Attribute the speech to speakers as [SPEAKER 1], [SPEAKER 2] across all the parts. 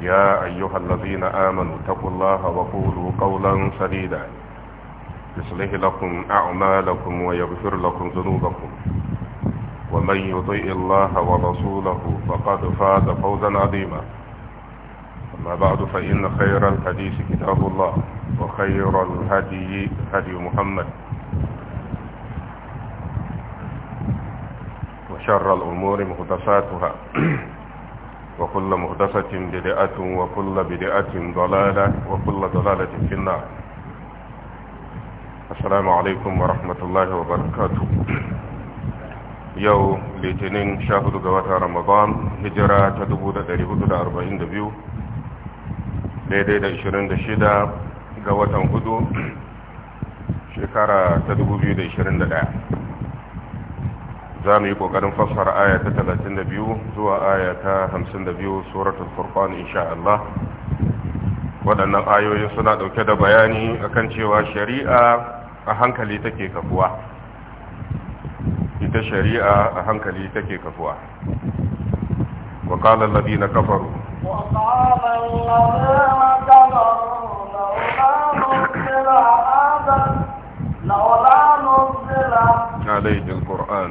[SPEAKER 1] يا أيها الذين آمنوا اتقوا الله وقولوا قولا سديدا يصلح لكم أعمالكم ويغفر لكم ذنوبكم ومن يطيء الله ورسوله فقد فاز فوزا عظيما أما بعد فإن خير الحديث كتاب الله وخير الهدي هدي محمد وشر الأمور مهدساتها وكل مهدسة بدعة وكل بدعة ضلالة وكل ضلالة في النار السلام عليكم ورحمة الله وبركاته yau litinin 14 ga watan ramadan hijira ta 1442 daidai da 26 ga watan hudu shekara ta 2021 za mu yi kokarin fassara aya ta 32 zuwa aya ta 52 suratul furqan insha Allah waɗannan ayoyin suna ɗauke da bayani akan cewa shari'a a hankali take kafuwa ita shari'a a hankali take kafuwa wa qala alladhina kafaru wa qala
[SPEAKER 2] alladhina kafaru لولا نزل
[SPEAKER 1] عليه القرآن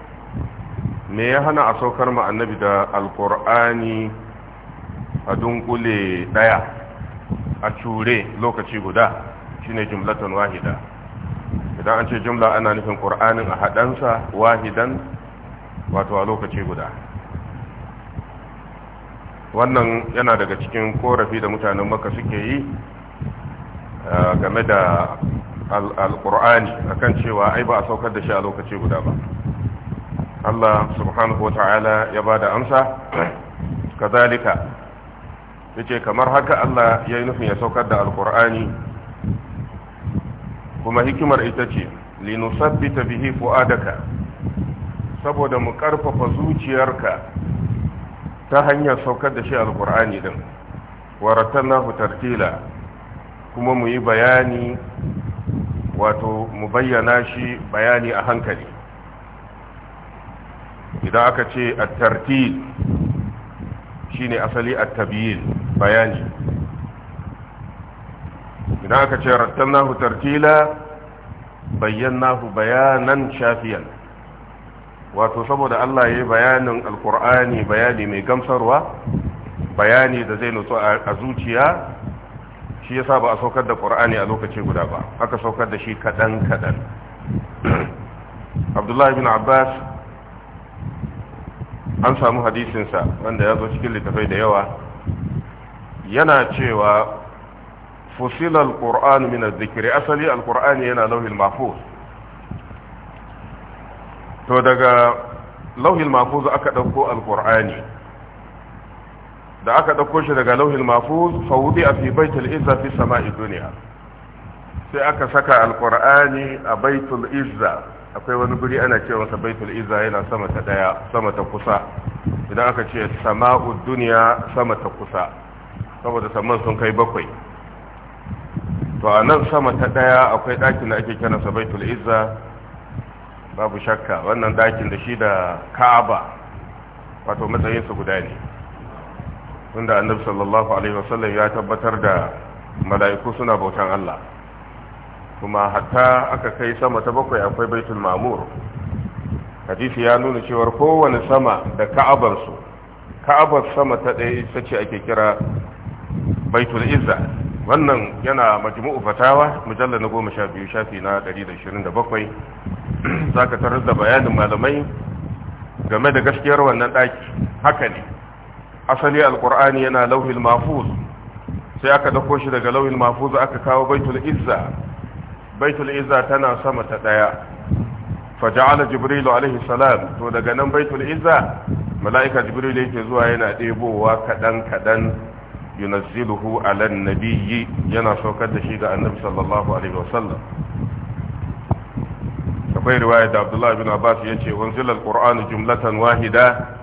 [SPEAKER 1] me ya hana a saukar ma annabi da alkur'ani a dunkule daya a cure lokaci guda shine jumlatun wahida idan an ce jumla ana nufin qur'anin a hadansa wahidan wato a lokaci guda wannan yana daga cikin korafi da mutanen maka suke yi game da alkur'ani akan cewa ai ba a saukar da shi a lokaci guda ba Allah subhanahu wa ta'ala ya ba da amsa kazalika ya ce kamar haka Allah ya nufin ya saukar da alkur'ani kuma hikimar ita ce linusabbita da ka saboda mu karfafa zuciyarka ta hanyar saukar da shi alkur'ani din waratallahu tartila kuma mu yi bayani wato mu bayyana shi bayani a hankali idan aka ce a tartil shine asali a tabyin bayani idan aka ce rattalnahu tartila bayyanahu bayanan shafiyan wato saboda Allah ya yi bayanin alkur'ani bayani mai gamsarwa bayani da zai nutsu a zuciya shi yasa ba a saukar da ƙur'ani a lokaci guda ba aka saukar da shi kaɗan kaɗan abdullahi bin abbas an samu hadisinsa wanda ya zo cikin littafai da yawa yana cewa fusilal qur'an min az-zikri asali al-qur'an yana lauhil mahfuz to daga lauhil mahfuz aka dauko al-qur'ani da aka dauko shi daga lauhil mahfuz fa wudi fi baitil izza fi sama'i dunya sai aka saka al-qur'ani a baitul izza akwai wani guri ana ce masa baitul iza yana sama ta daya sama ta kusa idan aka ce sama'ud duniya sama ta kusa saboda saman sun kai bakwai to a nan sama ta daya akwai ɗakin da ake kiransa baitul izza babu shakka wannan ɗakin da shi da ka'aba wato matsayinsa guda ne tunda annabi sallallahu alaihi wasallam ya tabbatar da mala'iku suna bautan Allah kuma hatta aka kai sama ta bakwai akwai baitul mamur hadisi ya nuna cewar kowane sama da ka'abarsu ka'abar sama ta ɗaya ita ce ake kira baitul izza wannan yana majmu'u fatawa mujalla na goma sha biyu shafi na ɗari da ishirin da bakwai za ka tarar da bayanin malamai game da gaskiyar wannan ɗaki haka ne asali alƙur'ani yana lauhin mafuz sai aka dako shi daga lauhin mafuz aka kawo baitul izza baitul izza tana sama ta daya faja'ala jibrilu alaihi salam to daga nan baitul izza mala'ika jibrilu yake zuwa yana ɗebowa kadan kadan yunazziluhu ala nabiyyi yana saukar da shi ga annabi sallallahu alaihi wasallam akwai riwaya da abdullahi bin abbas ce unzila alqur'anu jumlatan wahida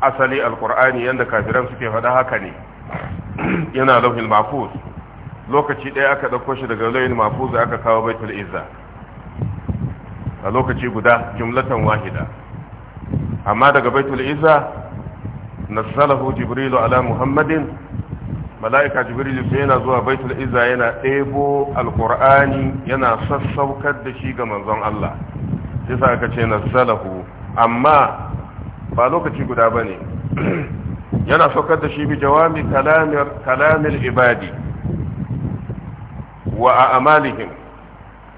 [SPEAKER 1] asali alqur'ani yanda kafiran suke faɗa haka ne yana lauhin mahfuz lokaci ɗaya aka ɗauko shi daga lauyin mafuzu aka kawo baitul izza a lokaci guda jumlatan wahida amma daga baitul izza nasalahu jibrilu ala muhammadin mala'ika jibrilu sai yana zuwa baitul izza yana ɗebo alƙur'ani yana sassaukar da shi ga manzon Allah yasa aka ce nasalahu amma ba lokaci guda bane yana saukar da shi bi jawami kalamin ibadi wa a amalihim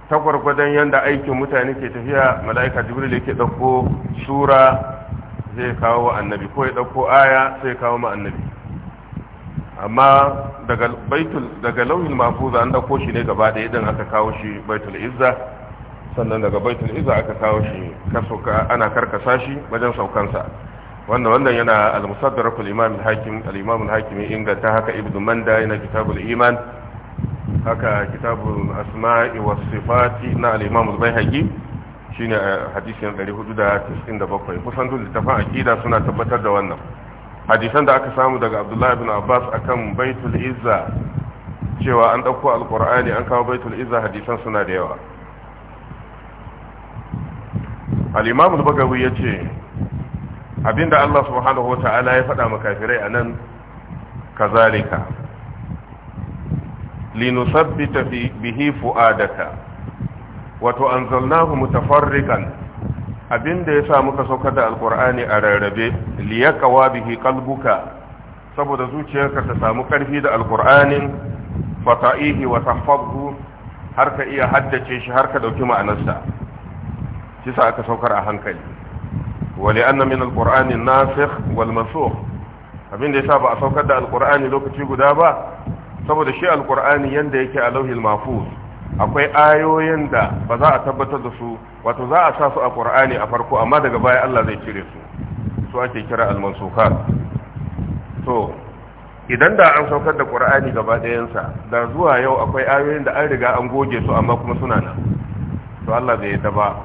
[SPEAKER 1] ta gwargwadon yadda aikin mutane ke tafiya mala'ika jibril yake dauko sura zai kawo wa annabi ko ya dauko aya sai kawo ma annabi amma daga baitul daga lauhin mafuza an dauko shi ne gaba ɗaya idan aka kawo shi baitul izza sannan daga baitul izza aka kawo shi ana karkasa shi wajen saukansa wannan wannan yana al-musaddarakul imam al-hakim al-imam al-hakim inganta haka ibnu manda yana kitabul iman haka kitabul asma'i was sifati na al-imam al-baihaqi shine eh, hadisin 497 kusan duk littafin akida suna tabbatar da wannan hadisan da aka samu daga Abdullah ibn Abbas akan baitul izza cewa an dauko alqur'ani an kawo baitul izza hadisan suna da yawa al-imam al-bagawi yace abinda Allah subhanahu wa ta'ala ya faɗa makafirai anan kazalika linusabbita bihi fu'adaka wato anzalnahu mutafarriqan abinda yasa muka sauka da alqur'ani a rarrabe liyaqwa bihi qalbuka saboda zuciyarka ta samu karfi da alqur'anin fata'ihi wa tahfazhu har ka iya haddace shi har ka dauki ma'anarsa kisa aka saukar a hankali wali anna min alqur'ani nasikh wal mansukh abinda sa ba a saukar da alqur'ani lokaci guda ba saboda shi alkur'ani yanda yake a lauhil mafuz akwai ayoyin da ba za a tabbatar da su wato za a sa su a qur'ani a farko amma daga baya Allah zai cire su su ake kira al-mansukhat to idan da an saukar da qur'ani gaba ɗayansa da zuwa yau akwai ayoyin da an riga an goge su amma kuma suna nan to Allah zai yadda ba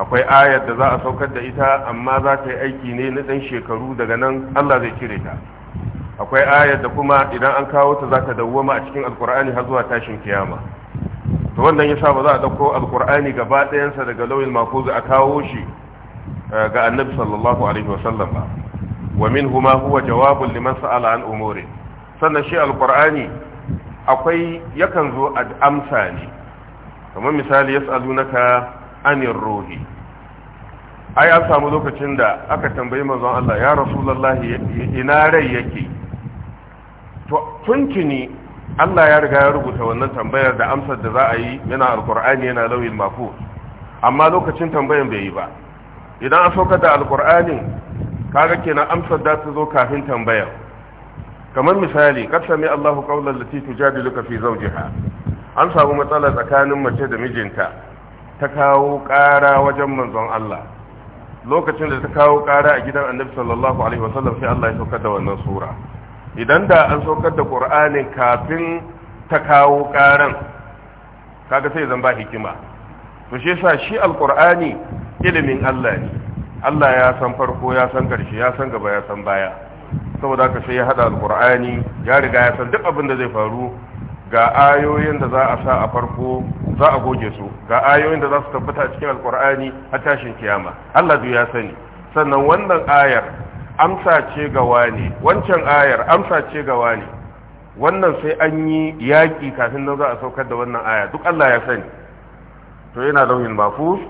[SPEAKER 1] akwai ayar da za a saukar da ita amma za ta yi aiki ne na dan shekaru daga nan Allah zai cire ta akwai ayar da kuma idan an kawo ta zaka dawwama a cikin alkur'ani har zuwa tashin kiyama to wannan yasa ba za a dauko alkur'ani gaba ɗayansa daga lauyin mahfuz a kawo shi eh, ga annabi sallallahu alaihi wasallam ba wa minhuma huwa jawabun liman sa'ala an umuri sannan shi alkur'ani akwai yakan zo a amsa ne kamar misali yas'alunaka anir ruhi ai an samu lokacin da aka tambayi manzon Allah ya rasulullahi ina rai yake to tuntuni Allah ya riga ya rubuta wannan tambayar da amsar da za a yi yana alkur'ani yana lauyin mako. amma lokacin tambayan bai yi ba idan an saukar da alkur'anin kaga kenan amsar da ta zo kafin tambayar kamar misali kad Allah Allahu qawlan lati tujadiluka fi zawjiha an samu matsala tsakanin mace da mijinta ta kawo ƙara wajen manzon Allah lokacin da ta kawo ƙara a gidan annabi sallallahu alaihi wasallam sai Allah ya saukar da wannan sura idan da an saukar da qur'anin kafin ta kawo ƙaran kaga sai zan ba hikima to shi yasa shi alqur'ani ilimin Allah ne Allah ya san farko ya san ƙarshe ya san gaba ya san baya saboda haka sai ya hada alqur'ani ya riga ya san duk abin da zai faru ga ayoyin da za a sa a farko za a goge su ga ayoyin da za su tabbata a cikin alkur'ani a tashin kiyama Allah duk ya sani sannan wannan ayar amsa ce ga wani wancan ayar amsa ce ga wani wannan sai an yi yaƙi kafin nan za a saukar da wannan aya duk Allah ya sani to yana launin mafu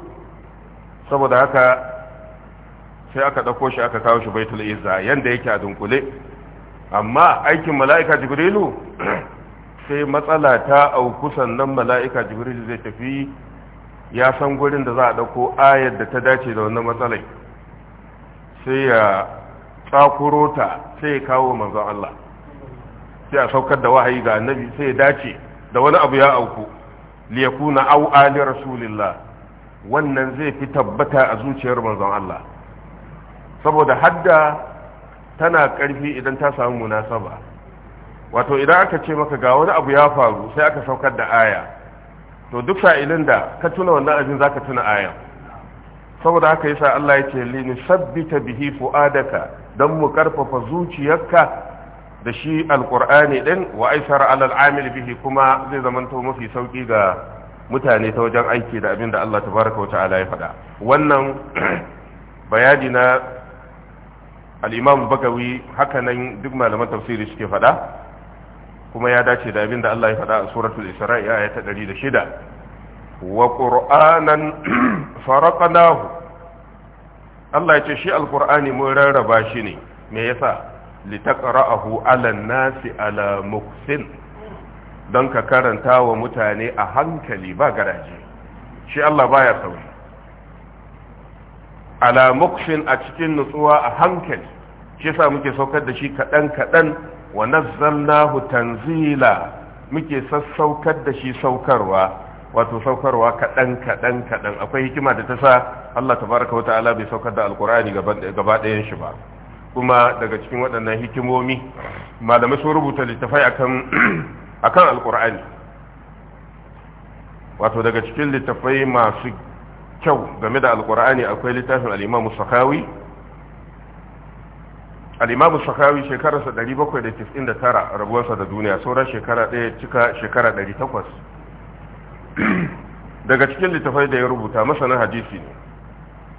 [SPEAKER 1] saboda haka sai aka ɗauko shi aka kawo shi baitul izza yanda yake a dunkule amma aikin mala'ika jibrilu sai matsala ta auku sannan mala'ika jibril zai tafi ya san gurin da za a ɗauko ayar da ta dace da wannan matsalai sai ya tsakuro ta sai ya kawo manzon Allah sai a saukar da wahayi ga annabi sai ya dace da wani abu ya auku liyakuna au ali rasulillah wannan zai fi tabbata a zuciyar manzon Allah saboda hadda tana ƙarfi idan ta samu munasaba wato idan aka ce maka ga wani abu ya faru sai aka saukar da aya to duk sa'ilin da ka tuna wannan abin zaka tuna aya saboda haka yasa Allah ya ce li nusabbita bihi fuadaka dan mu karfafa zuciyarka da shi alqur'ani din wa aisara alal bihi kuma zai zamanto mafi sauki ga mutane ta wajen aiki da abin da Allah tabaraka wa ta'ala ya faɗa wannan bayani na al-imam bagawi nan duk malaman tafsiri suke faɗa kuma ya dace da abin da Allah ya faɗa a suratul isra'i aya ta 106 wa qur'anan faraqnahu Allah ya ce shi alqur'ani mun rarraba shi ne me yasa litaqra'ahu 'ala nasi 'ala muksin don ka karanta wa mutane a hankali ba garaje shi Allah baya sauri ala muksin a cikin nutsuwa a hankali shi sa muke saukar da shi kaɗan kaɗan wa nazzalnahu tanzila muke sassaukar da shi saukarwa wato saukarwa kaɗan kaɗan kaɗan akwai hikima da ta sa Allah tabaraka wa ta'ala bai saukar da alqur'ani gaba ɗayan shi ba kuma daga cikin waɗannan hikimomi malamai sun rubuta littafai akan akan alqur'ani wato daga cikin littafai masu kyau game da Alqur'ani akwai littafin al-Imam Sakawi alimamu sakawi shekararsa 799 rabuwarsa da duniya sauran shekara ɗaya cika shekara 800 daga cikin littafai da ya rubuta masanin hadisi ne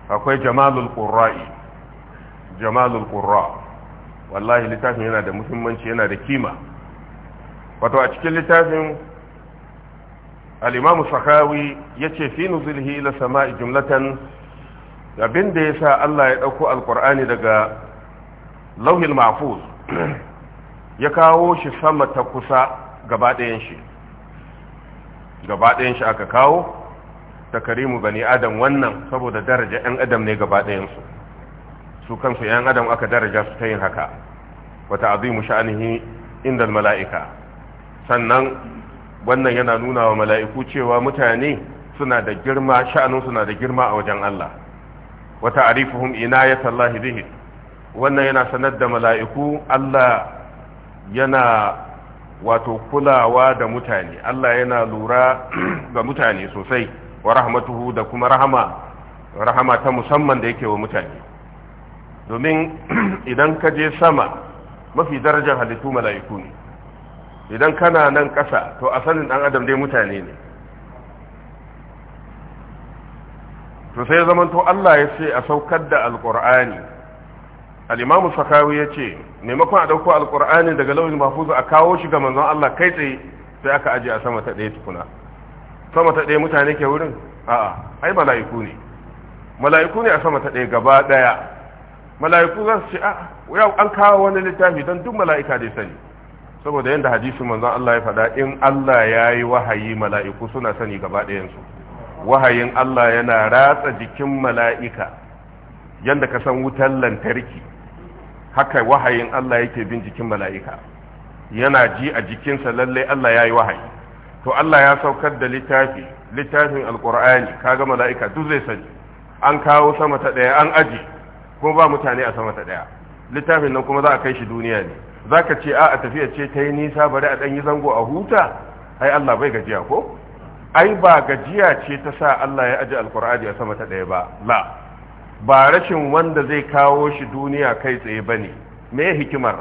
[SPEAKER 1] akwai jamalul qurra'i jamalul qurra wallahi littafin yana da muhimmanci yana da kima wato a cikin littafin al'imamu imamu ya ce fi nuzulhi ila sama'i jumlatan abin da sa Allah ya ɗauko alqur'ani daga Lauhin mafuz ya kawo shi sama ta kusa gaba shi gaba shi aka kawo Karimu bani adam wannan saboda daraja yan adam ne gaba su su kansu yan adam aka daraja su ta yin haka wata azimu sha'anihi inda mala'ika sannan wannan yana nuna wa mala'iku cewa mutane suna da girma sha'anin suna da girma a wajen Allah wata arifuhum inayatallahi bihi wannan yana sanar da mala'iku Allah yana wato kulawa da mutane Allah yana lura ga mutane sosai wa rahmatuhu da kuma rahama rahama ta musamman da yake wa mutane domin idan ka je sama mafi darajar halittu mala'iku ne idan kana nan ƙasa to sanin ɗan adam dai mutane ne to sai zamanto Allah ya ce a saukar da alƙur'ani al-imamu sakawi ya ce maimakon a ɗauko alƙur'ani daga launin mafuzu a kawo shi ga manzon Allah kai tsaye sai aka aje a sama ta ɗaya tukuna sama ta ɗaya mutane ke wurin a'a ai mala'iku ne mala'iku ne a sama ta ɗaya gaba ɗaya mala'iku za su ce a ah, yau an kawo wani littafi don duk mala'ika dai sani saboda yadda hadisin manzon Allah ya faɗa in Allah ya yi wahayi mala'iku suna sani gaba ɗayansu wahayin Allah yana ratsa jikin mala'ika yadda ka san wutar lantarki haka wahayin Allah yake bin jikin mala'ika yana ji a jikinsa lalle Allah ya yi wahayi to Allah ya saukar da littafi littafin alkur'ani kaga mala'ika duk zai sani an kawo sama ta ɗaya an aji kuma ba mutane a sama ta ɗaya littafin nan kuma za a kai shi duniya ne za ka ce a tafiya ce ta yi nisa bari a ɗanyi zango a huta ai Allah bai gajiya ko ai ba gajiya ce ta sa Allah ya aji alkur'ani a sama ta ɗaya ba la ba rashin wanda zai kawo shi duniya kai tsaye ba ne mai hikimar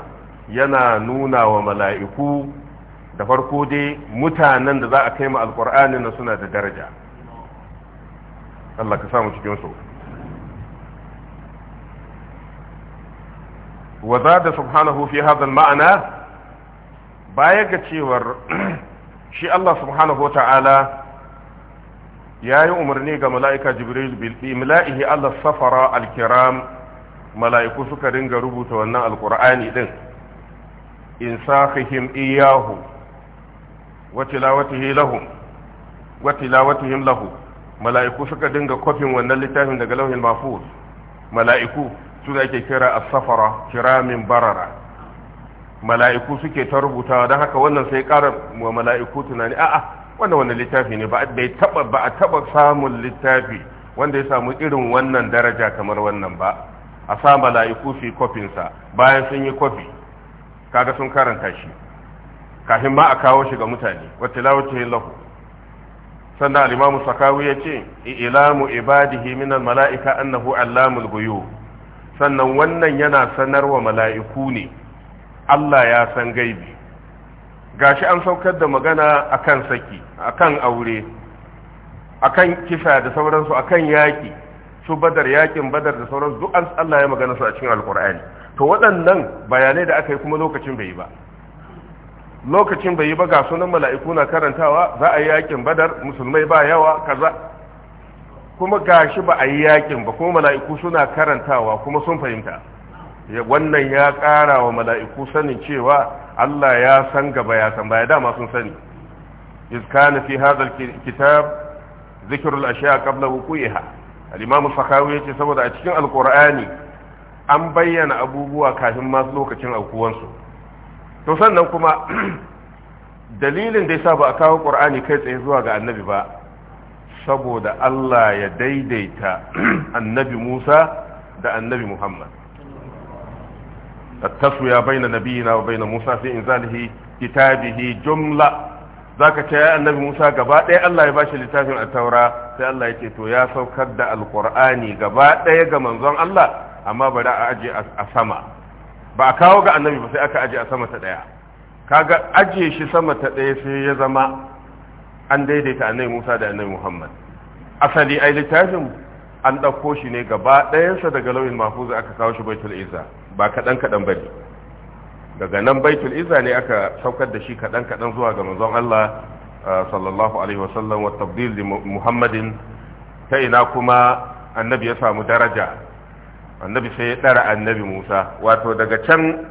[SPEAKER 1] yana nuna wa mala'iku da farko dai mutanen da za a kai ma alƙur'ani na suna da daraja Allah ka samu cikinsu waza da subhanahu fi hadha ma'ana baya ga cewar shi Allah subhanahu wa ta'ala ya yi umarni ga mala'ika jibril bilbi mala'ihi allah safara alkiram mala'iku suka ringa rubuta wannan alkur'ani din in sakihim iyahu watilawatihim lahum watilawatihim lahu mala'iku suka dinga kofin wannan littafin daga lauhin mafuz mala'iku su da ake kira a safara kiramin barara mala'iku suke ta rubuta don haka wannan sai ƙara wa mala'iku tunani a'a wannan wannan littafi ne ba ba a taba samun littafi wanda ya samu irin wannan daraja kamar wannan ba a sa mala'iku fi kofin sa bayan sun yi kofi kaga sun karanta shi kafin ma a kawo shi ga mutane lawace yin lahu sannan al-imamu sakawi yace ilamu ibadihi min al-mala'ika annahu allamul ghuyub sannan wannan yana sanarwa mala'iku ne Allah ya san gaibi gashi an saukar da magana kan saki akan aure akan kisa da sauransu akan yaƙi su badar yaƙin badar da sauransu duk an Allah ya magana su a cikin alkur'ani to waɗannan bayanai da aka yi kuma lokacin bai yi ba lokacin bai yi ba ga sunan mala'iku na karantawa za a yi yaƙin badar musulmai ba yawa kaza kuma gashi ba a yi yaƙin ba kuma mala'iku suna karantawa kuma sun fahimta wannan ya ƙara wa mala'iku sanin cewa Allah ya san gaba ya san baya dama sun sani iskana fi hadal kitab zikirul ashiya qabla wuqiha al-imam fakhawi yace saboda a cikin alqur'ani an bayyana abubuwa kafin ma lokacin aukuwansu to sannan kuma dalilin da yasa ba a kawo qur'ani kai tsaye zuwa ga annabi ba saboda Allah ya daidaita annabi Musa da annabi Muhammad التسوية بين نبينا وبين موسى في إنزاله كتابه جملة ذاك يا النبي موسى قباء دي الله يباشي لتاف التوراة سي الله يتيتو يا سوكد القرآن قباء دي منظم الله أما بدا أجي أسما بأكاو قا النبي بس أكا أجي أسما تدعي كاقا أجي شي سما تدعي في يزما أن دي دي تعني موسى دي النبي محمد أسالي أي لتاف أن أكوشي ني قباء دي سدق لوين محفوظ أكا كاوش بيت الإزاء ba kaɗan kaɗan ba ne daga nan baitul ne aka saukar da shi kaɗan kaɗan zuwa ga manzon Allah uh, sallallahu alaihi wasallam wa tabdil li muhammadin ta ina kuma annabi ya samu daraja annabi sai ya ɗara annabi musa wato daga can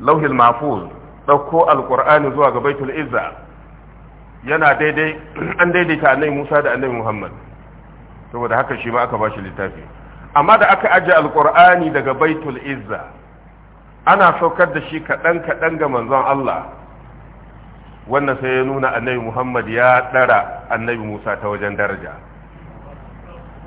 [SPEAKER 1] lauhil mafuz ɗauko alƙur'ani zuwa ga baitul izza yana daidai an daidaita annabi musa da annabi muhammad saboda haka shi ma aka ba shi littafi amma da aka aje alkur'ani daga baitul izza ana saukar da shi kaɗan kaɗan ga manzon Allah wannan sai ya nuna annabi Muhammad ya ɗara annabi Musa ta wajen daraja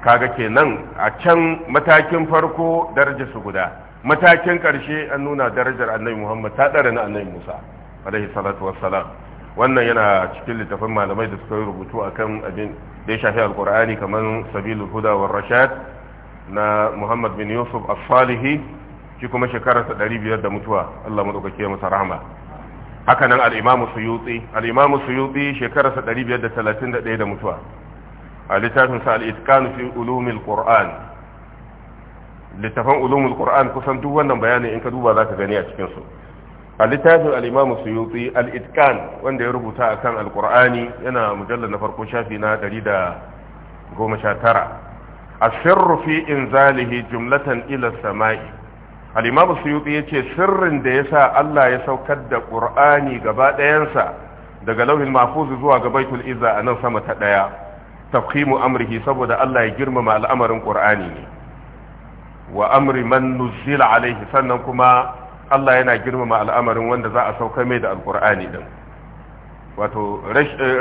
[SPEAKER 1] kaga kenan a can matakin farko daraja su guda matakin ƙarshe an nuna darajar annabi Muhammad ta ɗara na annabi Musa alaihi salatu wassalam wannan yana cikin littafin malamai da suka yi rubutu akan abin da ya shafi alkur'ani kamar sabilul huda war rashad na muhammad bin yusuf as-salihi shi kuma shekararsa ɗari biyar da mutuwa allah maɗaukake masa rahama haka nan al'imamu suyuti al'imamu suyuti shekararsa ɗari biyar da talatin da ɗaya da mutuwa a littafin littafinsa al'itkanu fi ulumil qur'an Littafin ulumul qur'an kusan duk wannan bayanin in ka duba za ka gani a cikinsu a littafin al'imamu suyuti al'itkan wanda ya rubuta akan kan al'ur'ani yana mujallar na farko shafi na ɗari da goma sha tara. asirru fi zalihi jumlatan ila samai al-imam ya ce sirrin da ya sa Allah ya saukar da kur'ani gaba ɗayansa daga lauhin mahfuz zuwa ga baitul izza a nan sama ta ɗaya tafhimu amrihi saboda Allah ya girmama al'amarin qur'ani ne wa amri man nuzila alaihi sannan kuma Allah yana girmama al'amarin wanda za a sauka mai da alqur'ani din wato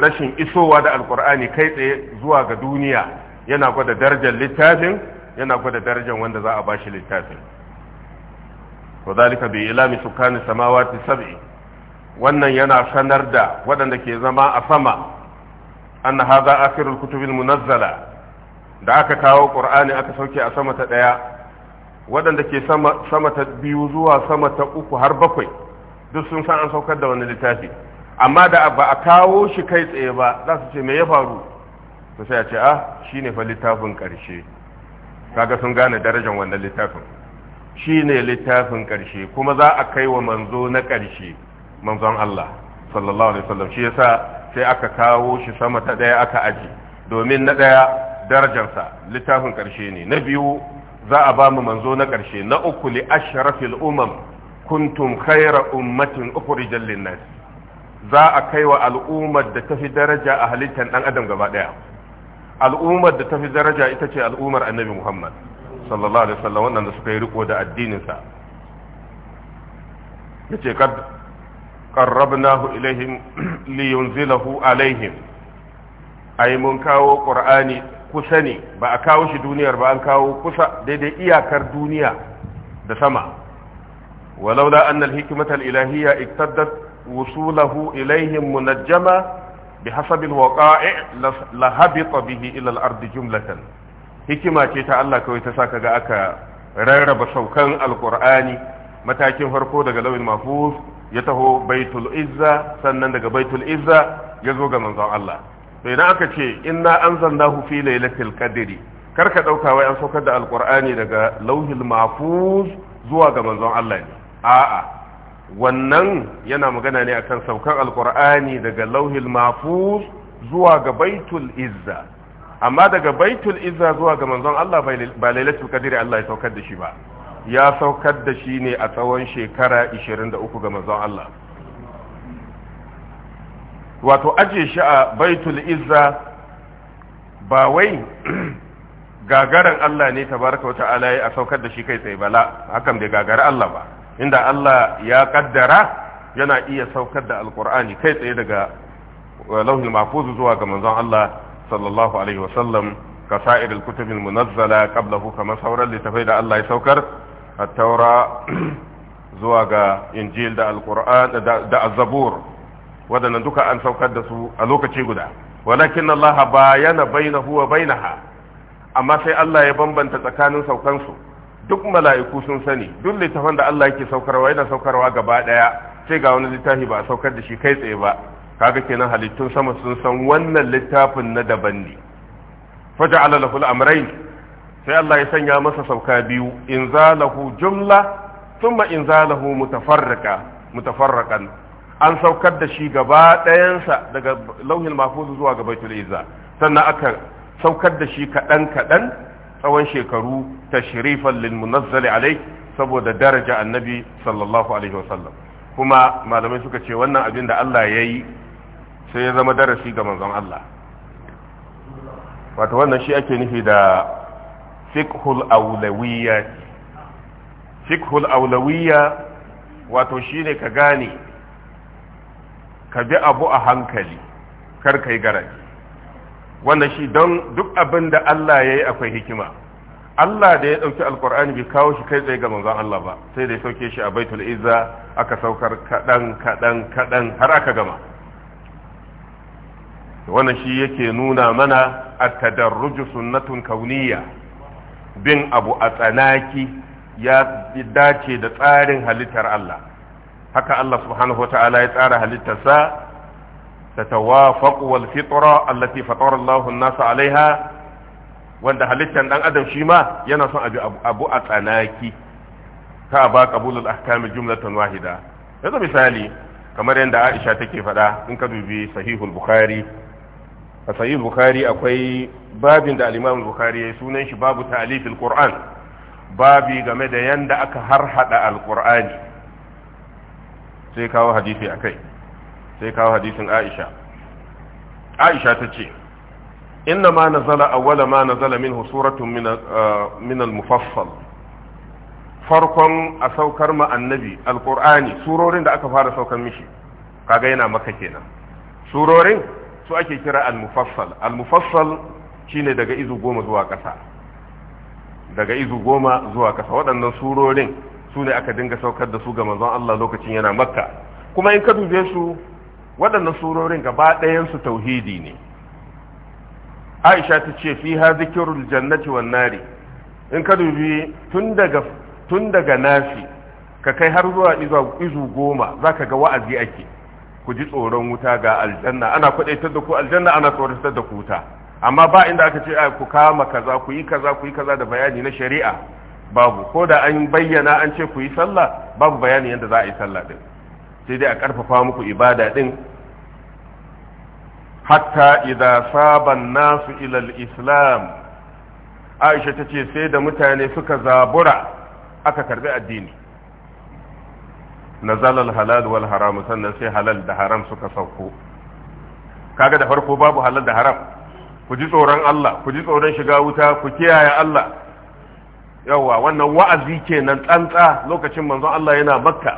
[SPEAKER 1] rashin isowa da alqur'ani kai tsaye zuwa ga duniya yana gwada darajar littafin yana gwada darajar wanda za a bashi littafin wa zalika bi ilami sukani samawati sab'i wannan yana sanar da waɗanda ke zama a sama anna hadha akhirul kutubil munazzala da aka kawo qur'ani aka sauke a sama ta daya waɗanda ke sama sama ta biyu zuwa sama ta uku har bakwai duk sun san an saukar da wani littafi amma da ba a kawo shi kai tsaye ba za su ce me ya faru ta sai a ce ah shine fa littafin ƙarshe kaga sun gane darajar wannan littafin shine littafin ƙarshe kuma za a kai wa manzo na ƙarshe manzon Allah sallallahu alaihi wasallam shi yasa sai aka kawo shi sama ta ɗaya aka aji domin na ɗaya darajarsa littafin ƙarshe ne na biyu za a ba mu manzo na ƙarshe na uku li ashrafil umam kuntum khayra ummatin ukhrijal linnas za a kai wa al'ummar da ta fi daraja a halittar dan adam gaba daya al'ummar da tafi daraja ita ce al'ummar annabi Muhammad sallallahu alaihi wasallam da suka yi riko da addininsa yace kad qarrabnahu ilaihim liyunzilahu alaihim ai mun kawo qur'ani kusa ne ba a kawo shi duniyar ba an kawo kusa daidai iyakar duniya da sama walaula anna al-hikmata al-ilahiyya iqtaddat wusulahu ilaihim munajjama بحسب الوقائع لهبط به إلى الأرض jumlatan hikima ce ta Allah kawai ta ka ga aka rarraba saukan Alƙur'ani matakin farko daga lawin mafuz ya taho baitul izza sannan daga baitul izza ya zo ga manzon Allah to idan aka ce in na inna anzalnahu fi lailatul kadiri kar ka ɗauka wai an saukar da alkur'ani daga lauhil mafuz zuwa ga manzon Allah ne a'a wannan yana magana ne akan saukan alkur'ani daga lauhil mafuz zuwa ga baitul izza amma daga baitul izza zuwa ga manzon Allah ba lailatul qadri Allah ya saukar da shi ba ya saukar da shi ne a tsawon shekara 23 ga manzon Allah wato aje shi a baitul izza ba wai gagaran Allah ne tabaraka wa ta'ala ya saukar da shi kai tsaye bala hakan bai gagara Allah ba inda Allah ya kaddara yana iya saukar da alkur'ani kai tsaye daga eh, lauhin mahfuz zuwa ga manzon Allah sallallahu alaihi wasallam ka sa'ir alkutub almunazzala qablahu kamar sauran littafai da Allah ya saukar at-taura zuwa ga injil da alkur'an da az-zabur wadannan duka an saukar da su a lokaci guda walakin Allah bayana bainahu wa bainaha amma sai Allah ya bambanta tsakanin saukansu duk mala'iku sun sani duk littafin da Allah yake saukarwa yana saukarwa gaba daya sai ga wani littafi ba a saukar da shi kai tsaye ba kaga kenan halittun sama sun san wannan littafin na daban ne faja lahu al-amrayn sai Allah ya sanya masa sauka biyu inzalahu jumla thumma inzalahu mutafarriqa mutafarraqan an saukar da shi gaba daga lauhin mahfuz zuwa ga baitul izza sannan aka saukar da shi kaɗan kaɗan tsawon shekaru tashrifan lil munazzali alai saboda daraja annabi sallallahu alaihi wasallam kuma malamai suka ce wannan abin da Allah ya yi sai ya zama darasi ga manzon Allah wato wannan shi ake nufi da fikhul awlawiyya fiqhul awlawiyya wato shine ka gane ka bi abu a hankali kar yi garaji wanda shi don duk abin da Allah ya yi akwai hikima Allah da ya ɗauki alkur'ani bai kawo shi kai tsaye ga manzon Allah ba sai da ya sauke shi a baitul izza aka saukar kaɗan kaɗan kaɗan har aka gama wannan shi yake nuna mana at-tadarruju sunnatun kauniyya bin abu a tsanaki ya dace da tsarin halittar Allah haka Allah subhanahu wa ta'ala ya tsara halittarsa tatawafaqu wal fitra allati fatara Allahu an-nasa 'alaiha wanda halittar dan adam shi ma yana son abu a tsanaki ka ba qabulul ahkami jumlatan wahida yanzu misali kamar yadda Aisha take faɗa in ka dubi sahihul bukhari a sahihul bukhari akwai babin da al-imam bukhari sunan shi babu ta'lifil qur'an babi game da yanda aka harhada al-qur'ani sai kawo hadisi akai sai kawo hadisin aisha aisha ta ce inna ma nazala awwala ma nazala minhu suratun min al-mufassal ah, farkon a saukar ma annabi surorin da aka fara saukar mishi kaga yana maka kenan surorin su ake kira al-mufassal al-mufassal shine daga izu goma zuwa kasa daga izu goma zuwa kasa waɗannan surorin su ne aka dinga saukar da su ga manzon Allah lokacin yana makka kuma in ka dube su waɗannan surorin gaba ɗayansu tauhidi ne aisha ta ce fi ha zikirul jannati wan nari in ka dubi tun daga tun daga nafi ka kai har zuwa izu goma zaka ga wa'azi ake ku ji tsoron wuta ga aljanna ana kwadaitar da ku aljanna ana tsoratar da ku wuta amma ba inda aka ce ku kama kaza ku yi kaza ku yi kaza da bayani na shari'a babu ko da an bayyana an ce ku yi sallah babu bayani yadda za a yi sallah din sai dai a karfafa muku ibada din hatta idza saban nasu ilal islam Aisha ta ce sai da mutane suka zabura aka karbi addini nazal al-halal wal haram sannan sai halal da haram suka sauko kaga da farko babu halal da haram ku ji tsoron Allah ku ji tsoron shiga wuta ku kiyaye Allah yawa wannan wa'azi kenan tsantsa lokacin manzon Allah yana makka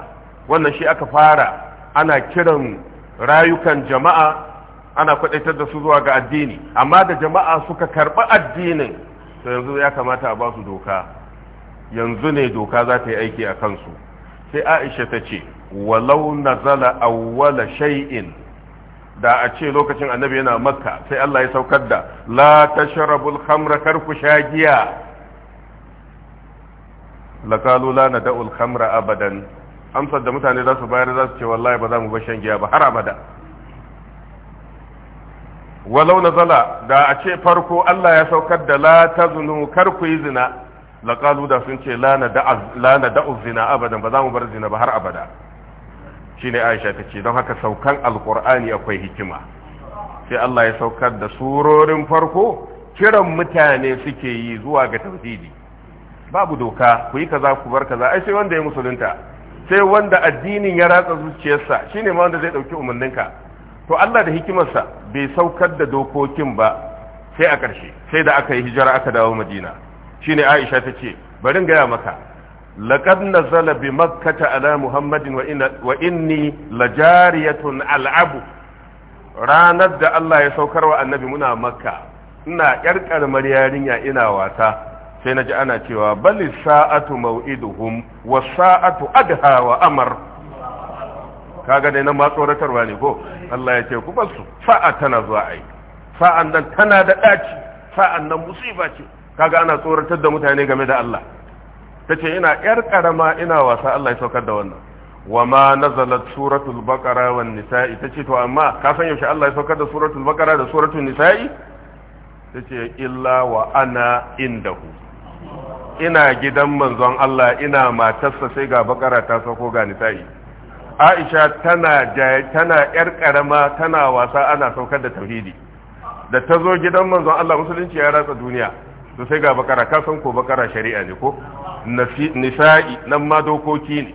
[SPEAKER 1] wannan shi aka fara ana kiran rayukan jama'a ana kwadaitar da su zuwa ga addini amma da jama'a suka karɓi addinin to yanzu ya kamata a ba su doka yanzu ne doka za ta yi aiki a kansu sai aisha ta ce walau nazala awwala shay'in da a ce lokacin annabi yana makka sai Allah ya saukar da la tashrabul khamra karku shagiya laqalu la nada'ul khamra abadan amsar da mutane za su bayar za su ce wallahi ba za mu bar shan giya ba har abada walau nazala da a ce farko Allah ya saukar da la tazunu kar ku yi zina laqalu da sun ce la na da'u zina abadan ba za mu bar zina ba har abada ne Aisha ce don haka saukan akwai hikima sai Allah ya saukar da surorin farko kiran mutane suke yi zuwa ga tauhidi babu doka ku yi kaza ku bar kaza ai sai wanda ya musulunta sai wanda addinin ya ratsa zuciyarsa shine ma wanda zai dauki umarninka to Allah da hikimarsa bai saukar da dokokin ba sai a ƙarshe sai da aka yi hijira aka dawo madina shine aisha ta ce bari in gaya maka laqad nazala bi makkata ala muhammadin wa inni lajariyatun al'abu ranar da Allah ya saukar wa annabi muna makka ina yar ƙaramar yarinya ina wata sai naji ana cewa bali sa'atu mau'iduhum wa sa'atu adha wa amr kaga dai nan ma tsoratarwa ne ko Allah ya ce ku bar su sa'a tana zuwa ai fa'an nan tana da daci fa'an nan musiba ce kaga ana tsoratar da mutane game da Allah tace ina yar karama ina wasa Allah ya saukar da wannan wama nazalat suratul baqara wan nisa'i tace to amma ka san yaushe Allah ya saukar da suratul baqara da suratul nisa'i tace illa wa ana indahu ina gidan manzon Allah ina matarsa sai ga bakara ta sauko ga nisa'i aisha tana yar karama tana wasa ana saukar da tauhidi da ta zo gidan manzon Allah musulunci ya ratsa duniya to sai ga bakara ka san ko bakara shari'a ne ko nisa'i nan ma dokoki ne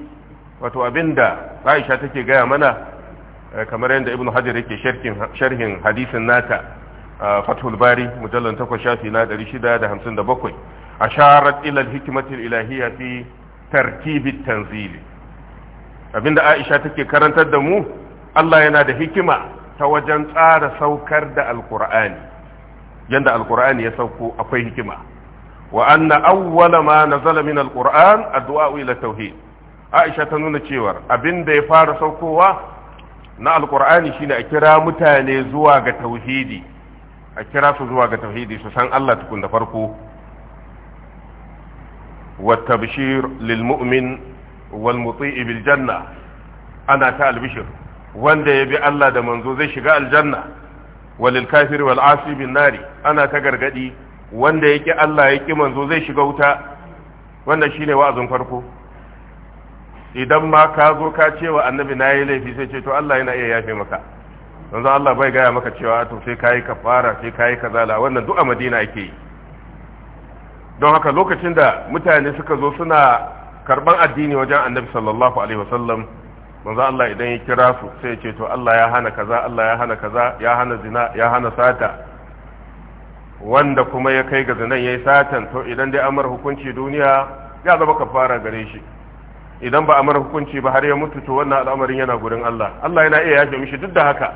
[SPEAKER 1] wato abinda aisha take gaya mana eh, kamar yadda ibnu hajar yake sharhin hadisin nata fathul bari mujallar takwas shafi na 657 asharat ila al-hikmati ilahiyya fi tartib tanziri. tanzili abinda aisha take karantar da mu Allah yana da hikima ta wajen tsara saukar da alkur'ani yadda alkur'ani ya sauko akwai hikima wa anna awwala ma nazala min alkur'an addu'a ila tauhid aisha ta nuna cewa abinda ya fara saukowa na alkur'ani shine a kira mutane zuwa ga tauhidi a kira su zuwa ga tauhidi su san Allah tukun da farko wa tabshir lil mu'min wal muti'i bil janna ana ta albishir wanda ya bi Allah da manzo zai shiga aljanna walil kafir wal asi bin nari ana ta gargadi wanda yake Allah yake manzo zai shiga wuta wannan shine wa'azin farko idan ma ka zo ka cewa annabi na yi laifi sai ce to Allah yana iya yafe maka yanzu Allah bai gaya maka cewa to sai kayi kafara sai kayi kazala wannan duk a Madina ake yi don haka lokacin da mutane suka zo suna karban addini wajen annabi sallallahu alaihi wasallam manzo Allah idan ya kira su sai ya ce to Allah ya hana kaza Allah ya hana kaza ya hana zina ya hana sata wanda kuma ya kai ga zinan yayi satan to idan dai amar hukunci duniya ya zama kafara gare shi idan ba amar hukunci ba har ya mutu to wannan al'amarin yana gurin Allah Allah yana iya yafe mishi duk da haka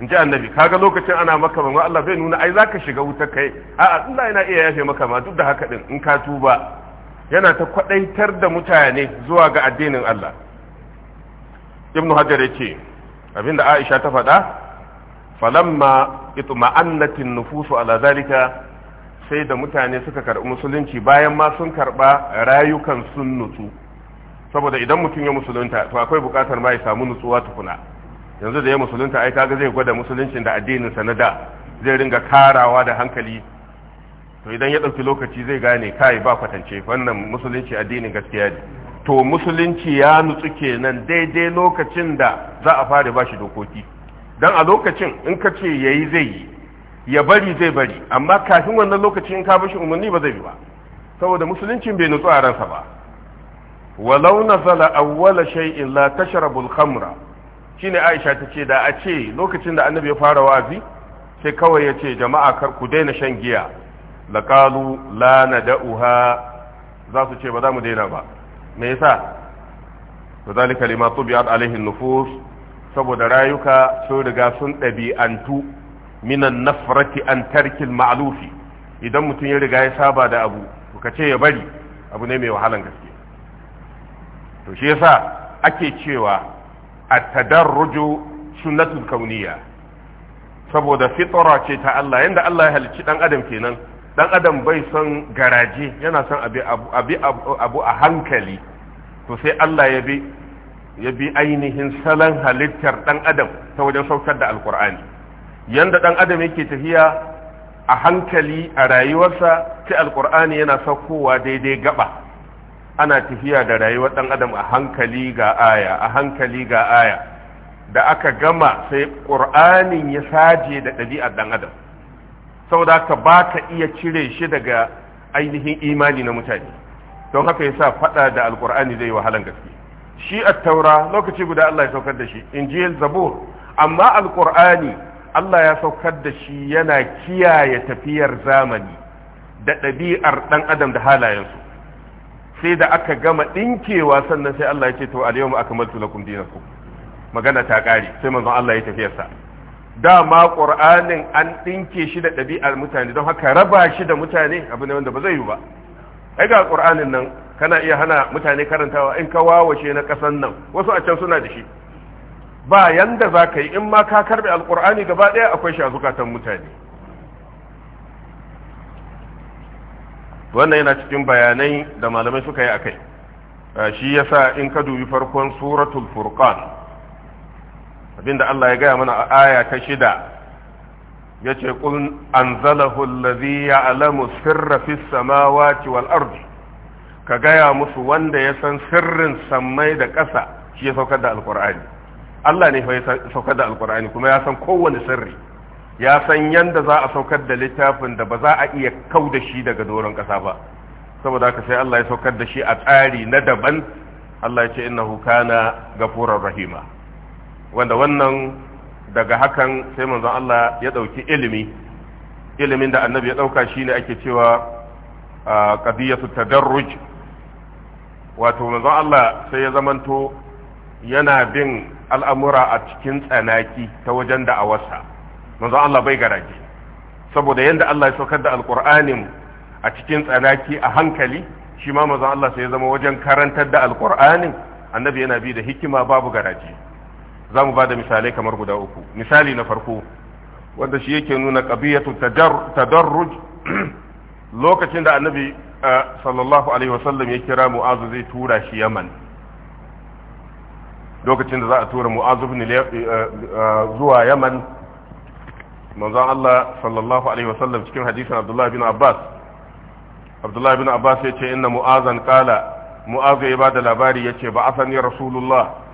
[SPEAKER 1] in ji annabi kaga lokacin ana maka ba Allah bai nuna ai zaka shiga wuta kai a'a Allah yana iya yafe maka ma duk da haka din in ka tuba yana ta kwadaitar da mutane zuwa ga addinin Allah ibnu hajar yace abinda aisha ta faɗa falamma itma'annatin nufusu ala zalika sai da mutane suka karɓi musulunci bayan ma sun karɓa rayukan sun nutsu saboda idan mutum ya musulunta to akwai buƙatar ma ya samu nutsuwa tukuna yanzu da ya musulunta ai kaga zai gwada musuluncin da addinin sa na da zai ringa karawa da hankali to idan ya ɗauki lokaci zai gane kai ba kwatance wannan musulunci addinin gaskiya ne to musulunci ya nutsu kenan daidai lokacin da za a fara ba shi dokoki don a lokacin in ka ce ya yi zai yi ya bari zai bari amma kafin wannan lokacin in ka bashi umarni ba zai yi ba saboda musuluncin bai nutsu a ransa ba walau nazala awwala shay'in la tashrabul khamra shine Aisha ta ce da a ce lokacin da Annabi ya fara wa'azi sai kawai ya ce jama'a kar ku daina shan giya laqalu la nada'uha za su ce ba za mu daina ba me yasa to kalima lima tubi'at alaihi nufus saboda rayuka sun riga sun ɗabi'antu minan nafrati an tarkil ma'lufi idan mutum ya riga ya saba da abu ka ce ya bari abu ne mai wahalan gaske to shi yasa ake cewa at-tadarruju sunnatul kauniyya saboda fitra ce ta Allah yanda Allah ya halicci dan adam kenan dan adam bai son garaje yana son abi abu a hankali to sai Allah ya bi ya bi ainihin salon halittar dan adam ta wajen saukar da alkur'ani yanda dan adam yake tafiya a hankali a rayuwarsa ta alkur'ani yana saukowa daidai gaba ana tafiya da rayuwar dan adam a hankali ga aya a hankali ga aya da aka gama sai qur'anin ya saje da ɗabi'ar dan adam saboda ka ba ka iya cire shi daga ainihin imani na mutane don haka ya sa faɗa da alkur'ani zai wahalan gaske shi a taura lokaci guda Allah ya saukar da shi in ji zabur amma alkur'ani Allah ya saukar da shi yana kiyaye tafiyar zamani da ɗabi'ar ɗan adam da halayensu sai da aka gama ɗinkewa sannan sai Allah ya ce to al yawma akmaltu lakum dinakum magana ta ƙare sai manzon Allah ya tafiyarsa dama ƙur'anin an ɗinke shi da ɗabi'ar mutane don haka raba shi da mutane abu ne wanda ba zai yi ba ai ga ƙur'anin nan kana iya hana mutane karantawa in ka wawashe na ƙasan nan wasu a can suna da shi ba yanda za ka yi in ma ka karɓe alƙur'ani gaba ɗaya akwai shi a zukatan mutane wannan yana cikin bayanai da malamai suka yi a kai shi yasa in ka dubi farkon suratul furqan abinda Allah ya gaya mana a aya ta shida ya ce ƙun an ya alamu sirrafi samawaci wal ardi ka gaya musu wanda ya san sirrin sammai da ƙasa shi ya saukar da alƙur'ani Allah ne ya saukar da alƙur'ani kuma ya san kowane sirri ya san yanda za a saukar da littafin da ba za a iya kau da shi daga doron ƙasa ba saboda haka sai Allah ya saukar da shi a tsari na daban Allah ya ce innahu kana gafurar rahima wanda wannan daga hakan sai manzon Allah ya ɗauki ilimi ilimin da annabi ya ɗauka shine ake cewa ta tadarruj wato manzon Allah sai ya zamanto yana bin al'amura a cikin tsanaki ta wajen da'awarsa manzon Allah bai garaje saboda yadda Allah ya saukar da alƙur'anin a cikin tsanaki a hankali shi ma manzon Allah sai ya zama wajen karantar da alƙur'anin annabi yana bi da hikima babu garaje za mu ba da misalai kamar guda uku misali na farko wanda shi yake nuna ƙabiyatu darruj lokacin da annabi sallallahu alaihi wasallam ya kira mu'azu zai tura shi yaman lokacin da za a tura mu'azu eh, eh, eh, zuwa yaman manzon Allah sallallahu alaihi wasallam cikin hadisin abdullahi bin abbas abdullahi bin abbas ya ce inna mu'azan kala mu'azu ya ba da labari ya ce ba asani rasulullah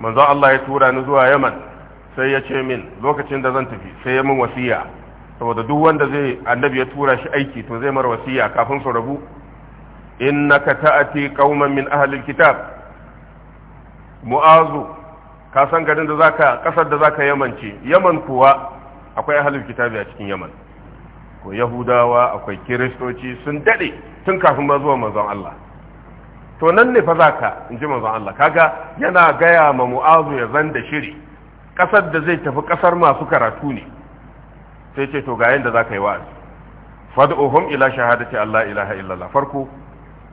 [SPEAKER 1] manzo Allah ya tura ni zuwa Yaman sai ya ce min lokacin da zan tafi sai ya min wasiya saboda duk wanda zai annabi ya tura shi aiki to zai mar wasiya kafin su rabu innaka ta'ati qauman min ahli alkitab mu'azu ka san garin da zaka kasar da zaka Yaman ce Yaman kuwa akwai ahli alkitab a cikin Yaman ko Yahudawa akwai Kiristoci sun dade tun kafin ma zuwa manzon Allah to nan ne fa zaka in ji manzon Allah kaga yana gaya ma mu'azu ya zan da shiri kasar da zai tafi kasar masu karatu ne sai ce to ga yanda zaka yi wa'azi fad'uhum ila shahadati Allah ilaha illallah farko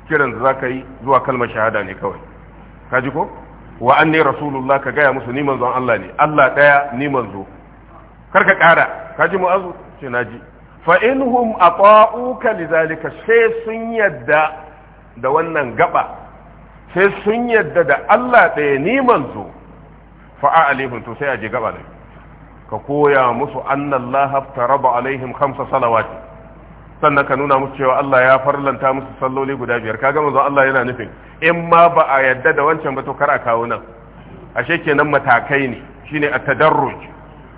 [SPEAKER 1] kiran da zaka yi zuwa kalmar shahada ne kawai ka ji ko wa anni rasulullah ka gaya musu ni manzon Allah ne Allah daya ni manzo kar ka kara ka ji mu'azu ce naji fa inhum ata'uka lidhalika sai sun yadda da wannan gaba sai sun yadda da Allah ɗaya ni manzo fa'a alaihim to sai a je gaba ne ka koya musu annallaha taraba alaihim khamsa salawati sannan ka nuna musu cewa Allah ya farlanta musu salloli guda biyar kaga manzo Allah yana nufin in ma ba a yadda da wancan ba to kar a kawo nan ashe kenan matakai ne shine at-tadarruj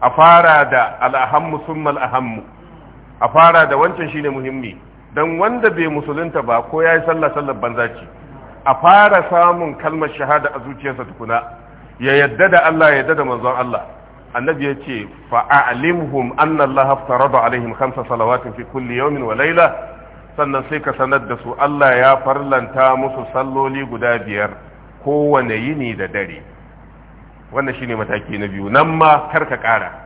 [SPEAKER 1] a fara da al-ahammu al a fara da wancan shine muhimmi don wanda bai musulunta ba ko ya yi sallah sallar banza ce a fara samun kalmar shahada a zuciyarsa tukuna ya yadda da Allah ya yadda da manzon Allah annabi ya ce fa'alimhum anna Allah haftarada alaihim khamsa salawatin fi kulli yawmin wa layla sannan sai ka sanar da su Allah ya farlanta musu salloli guda biyar kowane yini da dare wannan shine mataki na biyu nan ma kar ka kara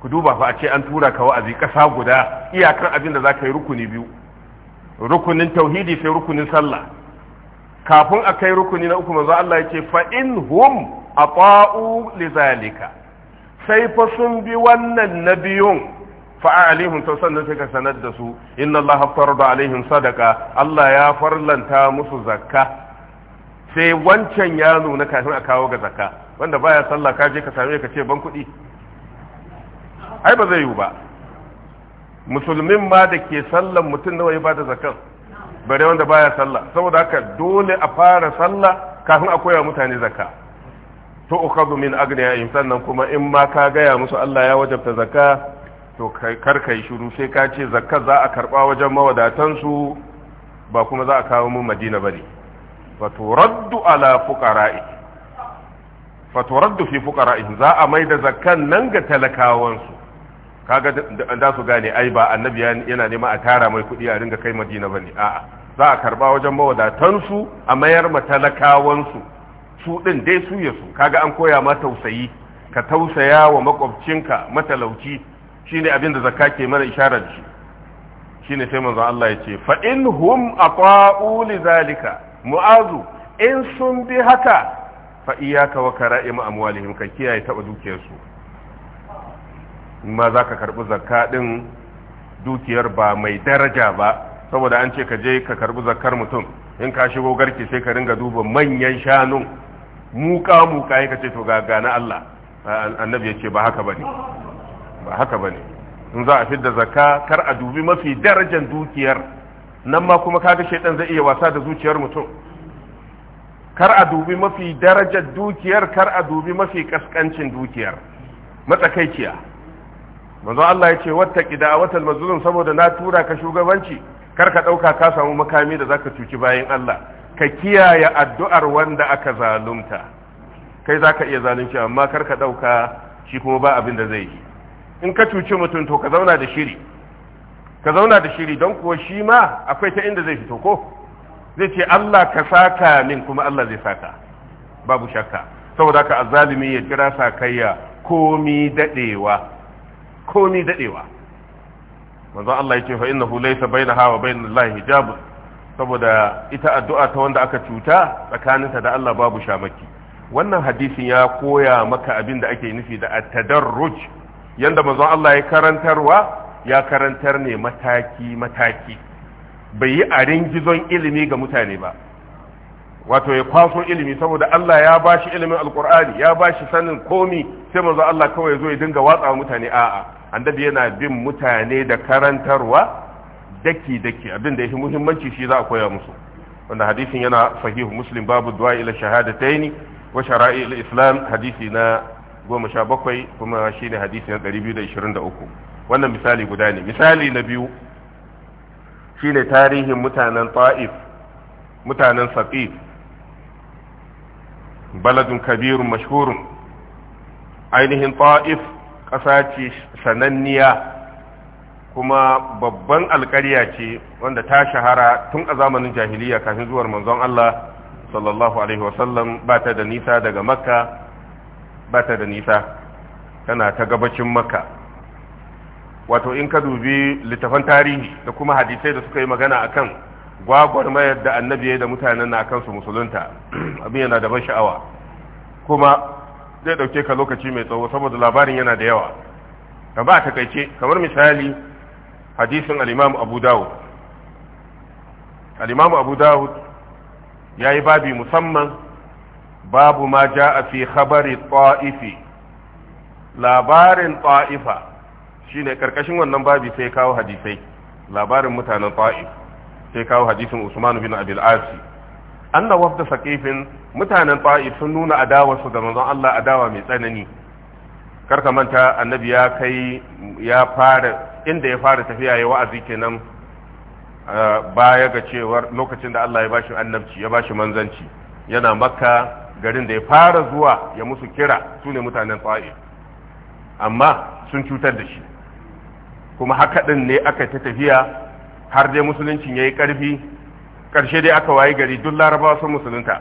[SPEAKER 1] ku duba fa a ce an tura ka wa'azi ƙasa guda iyakar abin da za ka yi rukuni biyu rukunin tauhidi sai rukunin sallah kafin a kai rukuni na uku manzo Allah yake fa in hum ata'u lizalika sai fa sun bi wannan nabiyun fa alaihim to sannan sai ka sanar da su inna Allah farada alaihim sadaka Allah ya farlanta musu zakka sai wancan ya nuna kafin a kawo ga zakka wanda baya sallah ka je ka same ka ce ban kuɗi ai ba zai yiwu ba musulmin ma da ke sallan mutum nawa ya bada zakar bare wanda baya sallah saboda haka dole a fara sallah kafin a koya mutane zakka to ukhadhu min aghniyahum sannan kuma in ma ka gaya musu Allah ya wajabta zakka to kar kai shiru sai ka ce zakka za a karba wajen mawadatan su ba kuma za a kawo mu Madina bane wato raddu ala fuqara'i fa turaddu fi fuqara'i za a maida zakkan nan ga talakawansu kaga da su gane ai ba annabi yana nema a tara mai kuɗi a ringa kai madina bane a'a za a karba wajen mawadatansu a mayar ma talakawansu su din dai su ya su kaga an koya ma tausayi ka tausaya wa makwabcinka matalauci shine abin da zakka ke mana isharar shi shine sai manzo Allah ya ce fa in hum ata'u li zalika mu'azu in sun bi haka fa iyyaka wa kara'im amwalihim ka kiyaye taba dukiyarsu ma za ka karɓi zakka ɗin dukiyar ba mai daraja ba saboda an ce ka je ka karɓi zakkar mutum in ka shigo garki sai ka ringa duba manyan shanun muka muka ya ce to ga na Allah annabi ya ce ba haka bane ba haka bane in za a fidda zakka kar a dubi mafi darajar dukiyar nan ma kuma kaga shaidan zai iya wasa da zuciyar mutum kar a dubi mafi darajar dukiyar kar a dubi mafi kaskancin dukiyar matsakaiciya manzo Allah ya ce kida watan mazlum saboda na tura ka shugabanci kar ka ɗauka ka samu makami da zaka cuci bayan Allah ka kiyaye addu'ar wanda aka zalunta kai zaka iya zalunci amma kar ka dauka shi kuma ba abin da zai yi in ka cuci mutum to ka zauna da shiri ka zauna da shiri don kuwa shi ma akwai ta inda zai fito ko zai ce Allah ka saka min kuma Allah zai saka babu shakka saboda ka azzalimi ya kira sakayya komi dadewa komi dadewa manzo Allah yake fa innahu laysa bainaha wa bainallahi hijab saboda ita addu'a ta wanda aka cuta tsakaninta da Allah babu shamaki wannan hadisin ya koya maka abin da ake nufi da at-tadarruj yanda manzo Allah ya karantarwa ya karantar ne mataki mataki bai yi a ringizon ilimi ga mutane ba wato ya kwaso ilimi saboda Allah ya bashi ilimin alkur'ani ya bashi sanin komi sai manzo Allah kawai zo ya dinga watsa mutane a'a annabi yana bin mutane da karantarwa daki daki abin da yake muhimmanci shi za a koya musu wannan hadisin yana sahihu muslim babu du'a ila shahadataini wa shara'i ila islam hadisi na 17 kuma shine hadisi na 223 wannan misali guda ne misali na biyu shine tarihin mutanen ta'if mutanen saqif baladun kabirun mashhurun ainihin ta'if ƙasa ce sananniya kuma babban alƙarya ce wanda ta shahara tun a zamanin jahiliya kafin zuwar manzon Allah sallallahu alaihi wasallam ba ta da nisa daga makka ba ta da nisa tana ta gabacin makka wato in ka dubi littafan tarihi da kuma hadisai da suka yi magana akan gwagwarmayar da annabi da mutanen na kansu musulunta abin yana da ban sha'awa kuma zai ɗauke ka lokaci mai tsawo saboda labarin yana da yawa ka ba takaice kamar misali hadisin al-Imam Abu Dawud al-Imam Abu Dawud yayi babi musamman babu ma jaa fi khabari ta'ifi labarin ta'ifa shine karkashin wannan babi sai kawo hadisai labarin mutanen ta'if sai kawo hadisin Usman bin Abil Asi anna wafda sakifin mutanen ta'if sun nuna adawarsu da manzon Allah adawa mai tsanani karka manta annabi ya kai ya fara inda ya fara tafiya ya wa'azi kenan baya ga cewar lokacin da Allah ya bashi annabci ya bashi manzanci yana makka garin da ya fara zuwa ya musu kira su ne mutanen ta'if amma sun cutar da shi kuma haka din ne aka ta tafiya har dai musuluncin yayi karfi ƙarshe dai aka wayi gari duk larabawa sun musulunta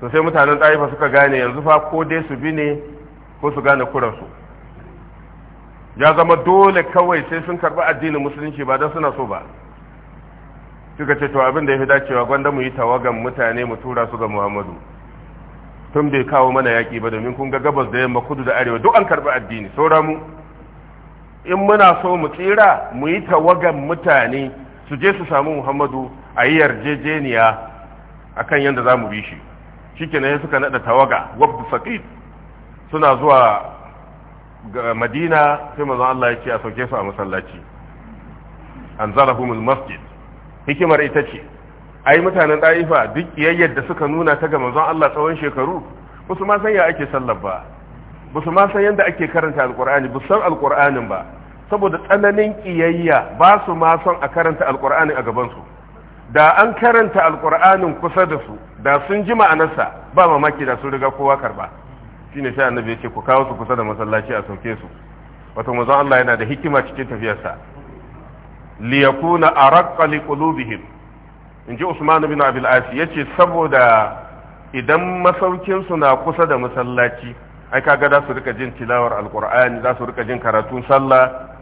[SPEAKER 1] to sai mutanen ɗaifa suka gane yanzu fa ko dai su bi ne ko su gane kuransu ya zama dole kawai sai sun karɓi addinin musulunci ba don suna so ba suka ce to abin da ya fi dacewa gwanda mu yi tawagan mutane mu tura su ga muhammadu tun bai kawo mana yaƙi ba domin kun ga gabas da yamma kudu da arewa duk an karɓi addini sauran mu in muna so mu tsira mu yi tawagan mutane su je su samu muhammadu a yi yarjejeniya a kan yadda za mu bi shi kenan ya suka naɗa tawaga wabdu faqid suna zuwa ga madina sai manzon Allah ya ce a sauke su a masallaci An humul masjid hikimar ita ce ai mutanen ɗaifa duk yayyar da suka nuna ta ga manzon Allah tsawon shekaru ba su ma san ya ake sallar ba ba su ma san yadda ake karanta Alƙur'ani, ba san Alƙur'anin ba saboda tsananin ƙiyayya ba su ma son a karanta alƙur'ani a gabansu da an karanta alƙur'anin kusa da su da sun ji ma'anarsa ba mamaki da sun riga kowa karba shine sai annabi ya ce ku kawo su kusa da masallaci a sauke su wato manzon Allah yana da hikima cikin tafiyarsa li yakuna araqqa li qulubihim inji Usman bin Abi al yace saboda idan masaukin su na kusa da masallaci ai kaga za su rika jin tilawar alqur'ani za su rika jin karatun sallah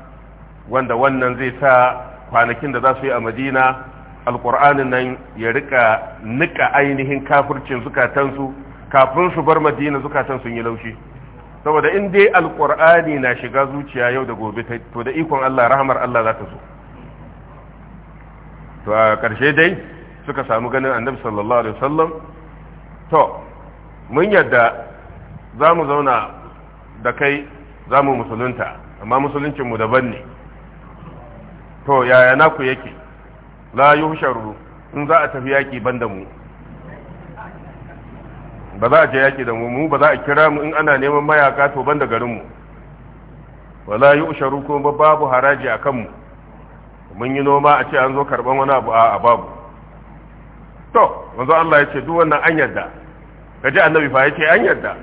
[SPEAKER 1] wanda wannan zai sa kwanakin da za su yi a madina alƙur'anin nan ya rika nika ainihin kafircin zukatansu kafin su bar madina zukatan sun yi laushi saboda in dai alƙur'ani na shiga zuciya yau da gobe to da ikon allah rahamar allah za ta zo to a ƙarshe dai suka samu ganin annabi sallallahu alaihi wasallam to mun yadda za mu zauna da kai za mu musulunta amma musuluncinmu daban ne to yaya naku yake la yuhsharu in za a tafi yaki banda mu ba za a je yaki da mu mu ba za a kira mu in ana neman mayaka to banda garin mu wala yuhsharu kuma babu haraji akan mu mun yi noma a ce an zo karban wani abu a babu to wanzu Allah ya ce duk wannan an yarda kaje annabi fa ya ce an yarda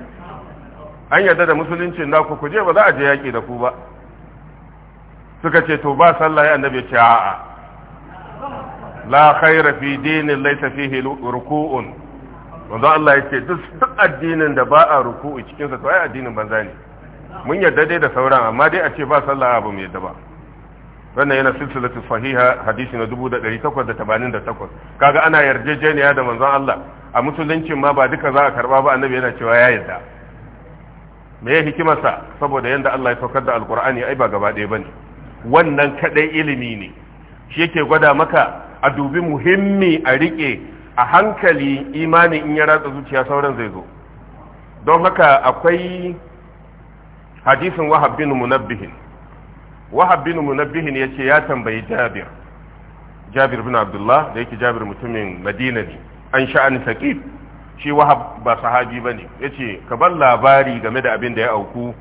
[SPEAKER 1] an yarda da musulunci na ku kuje ba za a je yaki da ku ba suka ce to ba sallah ya annabi ce a'a la khaira fi dinin laysa fihi ruku'un wanda Allah ya ce duk addinin da ba a ruku'u cikin sa to ai addinin banza ne mun yarda dai da sauran amma dai a ce ba sallah abu mai yarda ba wannan yana silsilatu sahiha hadisi na 1888 kaga ana yarjejeniya da manzon Allah a musuluncin ma ba duka za a karba ba annabi yana cewa ya yarda me ya hikimarsa saboda yanda Allah ya saukar da alqur'ani ai ba gaba ɗaya bane wannan kadai ilimi ne shi yake gwada maka a dubi muhimmi a rike a hankali imani in ya ratsa zuciya sauran zai zo don haka akwai hadisin wahab bin munabbihin wahab bin munabbihin ya ce ya tambayi jabir jabir bin abdullah da yake jabir mutumin madina ne an sha'ani saqib shi wahab ba sahabi bane yace ka bar labari game da abin da ya auku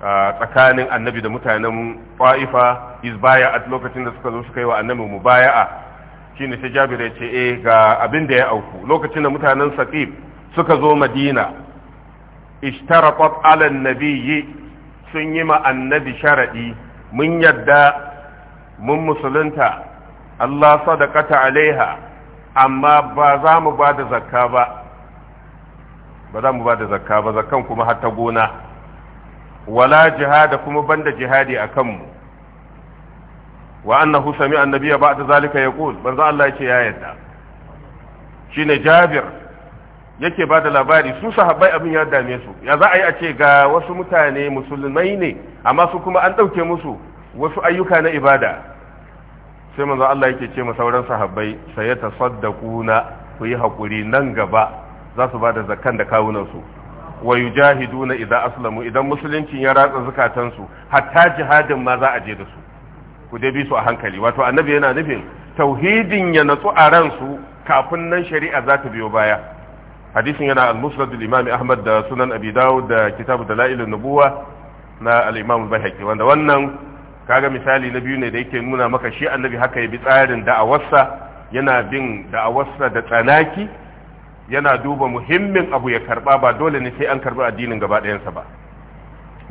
[SPEAKER 1] tsakanin annabi da mutanen ƙwa'ifa izbaya a lokacin da suka zo suka yi wa annabi shi ne sai jabir ya ce eh, ga abin da ya auku lokacin da mutanen saqib suka zo madina ishtaraqat ala nabiyyi sun yi ma annabi sharadi mun yadda mun musulunta Allah sadaqata alaiha amma ba za mu ba da zakka ba ba za mu ba da zakka ba zakkan kuma har ta gona wala jihada kuma banda jihadi a kanmu wa annahu sami annabiya ba ta zalika ya kul banza Allah yake ya yadda shine jabir yake ba da labari su sahabbai abin ya dame su ya za a yi a ce ga wasu mutane musulmai ne amma su kuma an ɗauke musu wasu ayyuka na ibada sai manzo Allah yake ce sauran sahabbai sai ya tasaddaquna ku yi hakuri nan gaba za su ba zakkan da kawunan su. wa yujahiduna idza aslamu idan musulunci ya ratsa zukatansu hatta jihadin ma za a je da su ku je bi su a hankali wato annabi yana nufin tauhidin ya natsu a ransu kafin nan shari'a za ta biyo baya hadisin yana al-musnad al ahmad da sunan abi da kitab da an-nubuwa na al-imam al wanda wannan kaga misali na biyu ne da yake nuna maka shi annabi haka ya bi tsarin da'awarsa yana bin da'awarsa da tsanaki yana duba muhimmin abu ya karba ba dole ne sai an karbi addinin gaba ɗayansa ba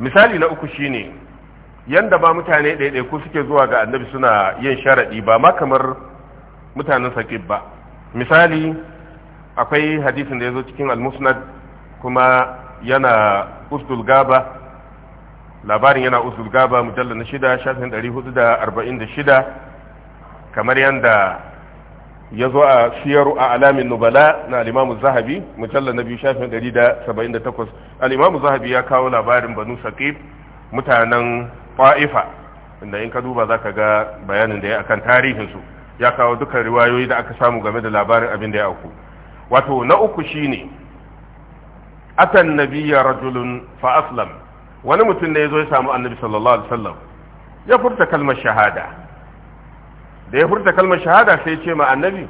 [SPEAKER 1] misali na uku shine yanda ba mutane ko suke zuwa ga annabi suna yin sharaɗi ba ma kamar mutanen sakib ba misali akwai hadisin da ya zo cikin al kuma yana usdul gaba labarin yana usdul gaba mujallar na shida shafin 446 kamar yanda ya zo a siyaru a alamin nubala na alimamu zahabi mujallar na biyu shafin 178 alimamu zahabi ya kawo labarin banu saqib mutanen fa'ifa inda in ka duba za ka ga bayanin da ya akan tarihinsu ya kawo dukkan riwayoyi da aka samu game da labarin abin da ya auku wato na uku shine atan nabiyya rajulun fa wani mutum ne ya zo ya samu annabi sallallahu alaihi wasallam ya furta kalmar shahada da ya furta kalmar shahada sai ya ce ma annabi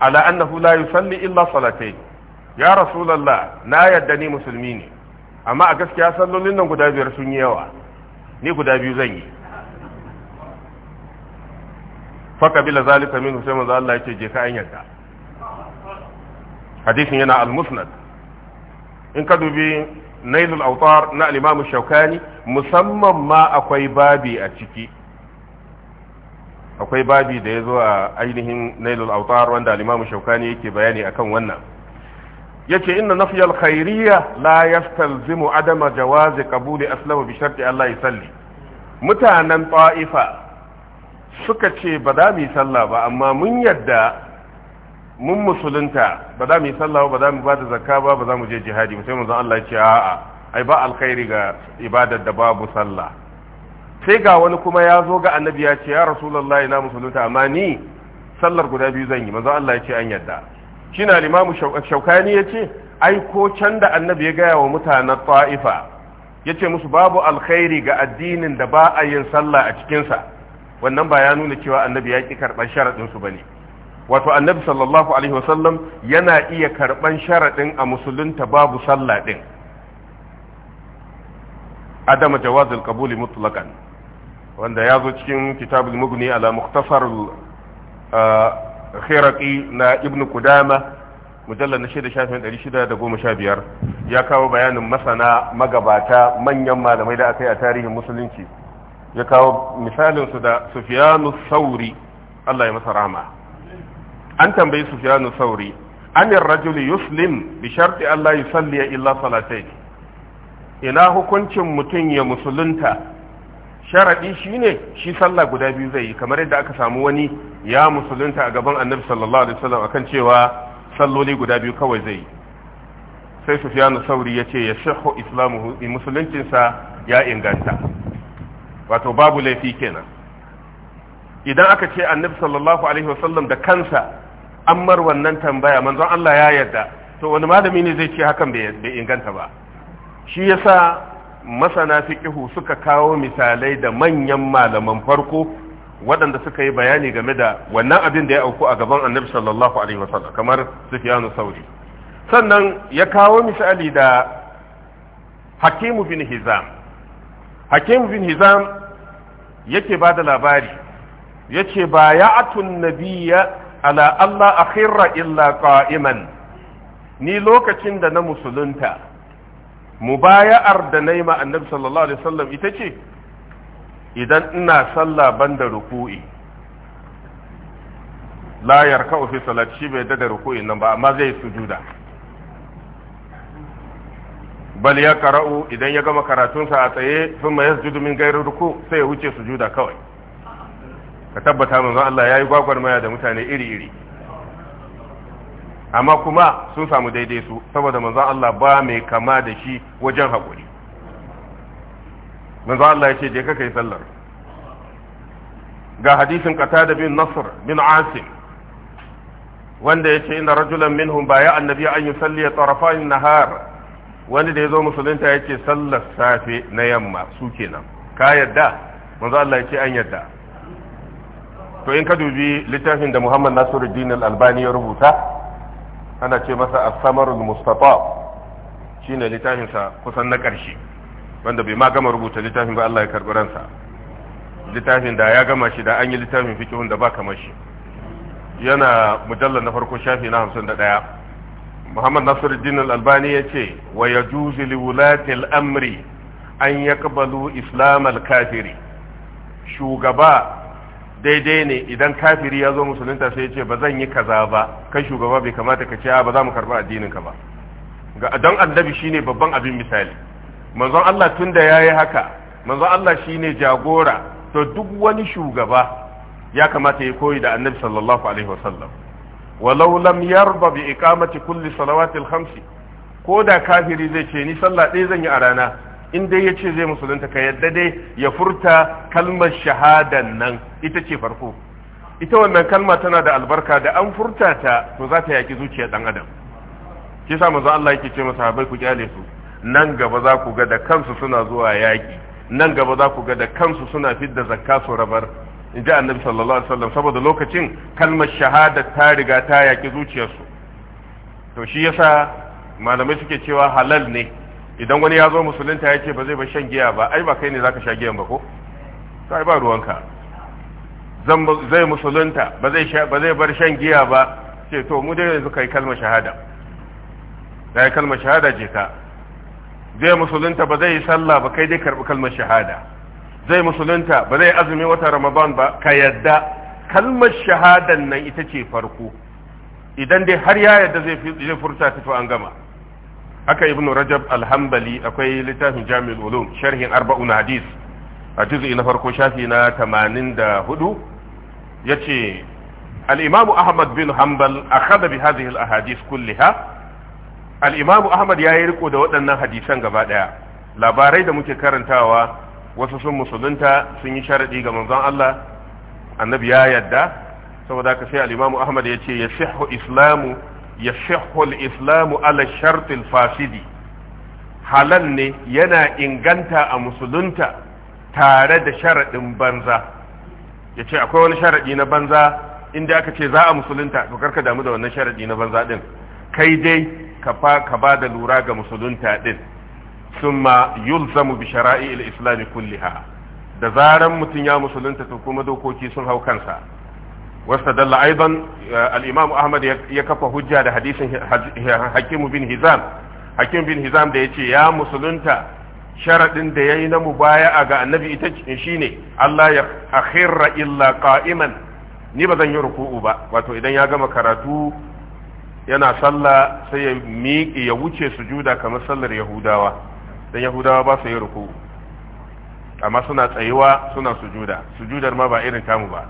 [SPEAKER 1] ala annahu la yusalli illa salatayn ya rasulullah na yadda ni musulmi ne amma a gaskiya sallolin nan guda biyar sun yi yawa ni guda biyu zan yi faka bila zalika min sai manzo Allah yake je ka an yadda hadisin yana al-musnad in ka dubi nailul autar na al-imam shaukani musamman ma akwai babi a ciki akwai babi da ya zo a ainihin nailul autar wanda alimamu shaukani yake bayani akan wannan yace inna nafyal khairiyya la yastalzimu adama jawazi qabuli aslama bi sharti Allah salli. mutanen ta'ifa suka ce ba za mu yi sallah ba amma mun yadda mun musulunta ba za mu yi sallah ba za mu bada zakka ba ba za mu je jihadi sai manzon Allah ya ce a'a ai ba alkhairi ga ibadar da babu sallah sai ga wani kuma ya zo ga annabi ya ce ya rasulullahi na musulunta amma ni sallar guda biyu zan yi manzo Allah ya ce an yadda shine al-imamu shaukani ya ce ai ko can da annabi ya gaya wa mutanen ta'ifa ya ce musu babu alkhairi ga addinin da ba a yin sallah a cikinsa wannan ba ya nuna cewa annabi ya ƙi karɓar sharaɗinsu ba ne wato annabi sallallahu alaihi wasallam yana iya karɓar sharaɗin a musulunta babu sallah ɗin adama jawazul kabuli mutlaqan wanda ya zo cikin kitabul mughni ala mukhtasar khiraqi na ibn kudama mujallar na shida shafin ɗari shida da goma sha biyar ya kawo bayanin masana magabata manyan malamai da aka yi a tarihin musulunci ya kawo misalinsu da sufiyanu sauri Allah ya masa an tambayi sufiyanu sauri an rajuli yuslim bi sharti Allah yusalli illa salatai ina hukuncin mutum ya musulunta sharaɗi shine shi sallah guda biyu zai yi kamar yadda aka samu wani ya musulunta a gaban annabi sallallahu alaihi wasallam akan cewa salloli guda biyu kawai zai yi sai sufyanu sauri ya ce ya shahu islamu eh, musuluncinsa ya inganta wato babu laifi kenan idan aka ce annabi sallallahu alaihi wasallam da kansa ammar wannan tambaya manzon Allah ya yarda to wani malami ne zai ce hakan bai inganta ba shi yasa masana fiqihu suka kawo misalai da manyan malaman farko waɗanda suka yi bayani game da wannan abin da ya auku a gaban annabi sallallahu alaihi wasallam kamar sufyanu sauri sannan ya kawo misali da hakimu bin hizam hakimu bin hizam yake ba da labari yace ba ya atun nabiya ala allah akhira illa qa'iman ni lokacin da na musulunta mubaya'ar da na yi ma annabi sallallahu alaihi wasallam ita ce idan ina sallah banda ruku'i la yarka'u fi salati shi bai da ruku'i nan ba amma zai sujuda bal ya kara'u idan ya gama karatunsa a tsaye sun ma sujudu min gairu ruku sai ya wuce sujuda kawai ka tabbata manzo Allah ya yi gwagwarmaya da mutane iri iri amma kuma sun samu daidai su saboda manzon Allah ba mai kama da shi wajen haƙuri manzon Allah ya ce je ka kai sallar ga hadisin qatada bin nasr bin asim wanda ya ce inda rajulan minhum baya annabi an yusalli tarafayn nahar wani da ya zo musulunta ya ce sallar safe na yamma su kenan ka yadda manzo Allah ya ce an yadda to in ka dubi littafin da Muhammad Nasiruddin Al-Albani ya rubuta ana ce masa as-samarul mustafa shine littafinsa kusan na ƙarshe wanda bai ma gama rubuta littafin ba Allah ya karbi ransa littafin da ya gama shi da an yi littafin fiqhun da ba kamar shi yana mujallar na farko shafi na ɗaya. Muhammad Nasiruddin Al-Albani ya wa yajuzu li wulati amri an yaqbalu islam al-kafiri shugaba daidai ne idan kafiri ya zo musulunta sai ya ce ba zan yi kaza ba kai shugaba bai kamata ka ce ba za mu karɓi addinin ka ba don annabi shine babban abin misali manzon Allah tunda yayi haka manzon Allah shine jagora to duk wani shugaba ya kamata ya koyi da annabi sallallahu alaihi wasallam walau lam yarba bi iqamati kulli salawatil khamsi ko da kafiri zai ce ni sallah ɗaya zan yi a rana in dai ya ce zai musulunta ka yadda dai ya furta kalmar shahadan nan ita ce farko ita wannan kalma tana da albarka da an furta ta to za ta yaki zuciya dan adam shi sa manzo Allah yake ce masa sahabbai ku kyale su nan gaba za ku ga da kansu suna zuwa yaki nan gaba za ku ga da kansu suna fidda zakka su rabar in ji annabi sallallahu alaihi wasallam saboda lokacin kalmar shahada ta riga ta yaki zuciyarsu to shi yasa malamai suke cewa halal ne idan wani ya zo musulunta ya ce ba zai ba shan giya ba ai ba kai ne zaka sha giyan ba ko sai ba ruwanka zai musulunta ba zai ba zai bar shan giya ba ce to mu dai yanzu kai kalmar shahada ya kalmar shahada je ka zai musulunta ba zai yi sallah ba kai dai karbi kalmar shahada zai musulunta ba zai azumi wata ramadan ba ka yadda kalmar shahadan nan ita ce farko idan dai har ya yadda zai furta ta to an gama haka ibnu rajab alhambali akwai littafin jami'ul ulum sharhin arba'un hadis a juz'i na farko shafi na hudu. Ya ce Al'imamu ahmad bin hanbal akhadha bi hadhihi al-ahadith kullaha al-imam ahmad riko da waɗannan hadisan gaba ɗaya labarai da muke karantawa wasu sun musulunta sun yi sharaɗi ga manzon Allah annabi ya yadda saboda haka sai alimamu ahmad ahmad ce yasihhu islamu ya shahul islamu ala shartil fasidi halal ne yana inganta a musulunta tare da sharaɗin banza ya ce akwai wani sharaɗi na banza inda aka ce za a musulunta to karka damu da wannan sharaɗi na banza din kai dai ka ba da lura ga musulunta din sun ma yulzamu bi shara'i il islami kulliha da zaran mutum ya musulunta to kuma dokoki sun hau kansa واستدل أيضا الإمام أحمد يكفى حجة حديث حكيم بن هزام حكيم بن هزام ده يتي يا مسلمتا شرط ده يين مبايع النبي شيني الله يخر إلا قائما ni ba zan yi ruku'u ba wato idan ya gama karatu yana sallah sai ya miƙe ya wuce kamar sallar yahudawa dan yahudawa ba su yi ruku amma suna tsayuwa suna sujuda sujudar ma ba irin tamu ba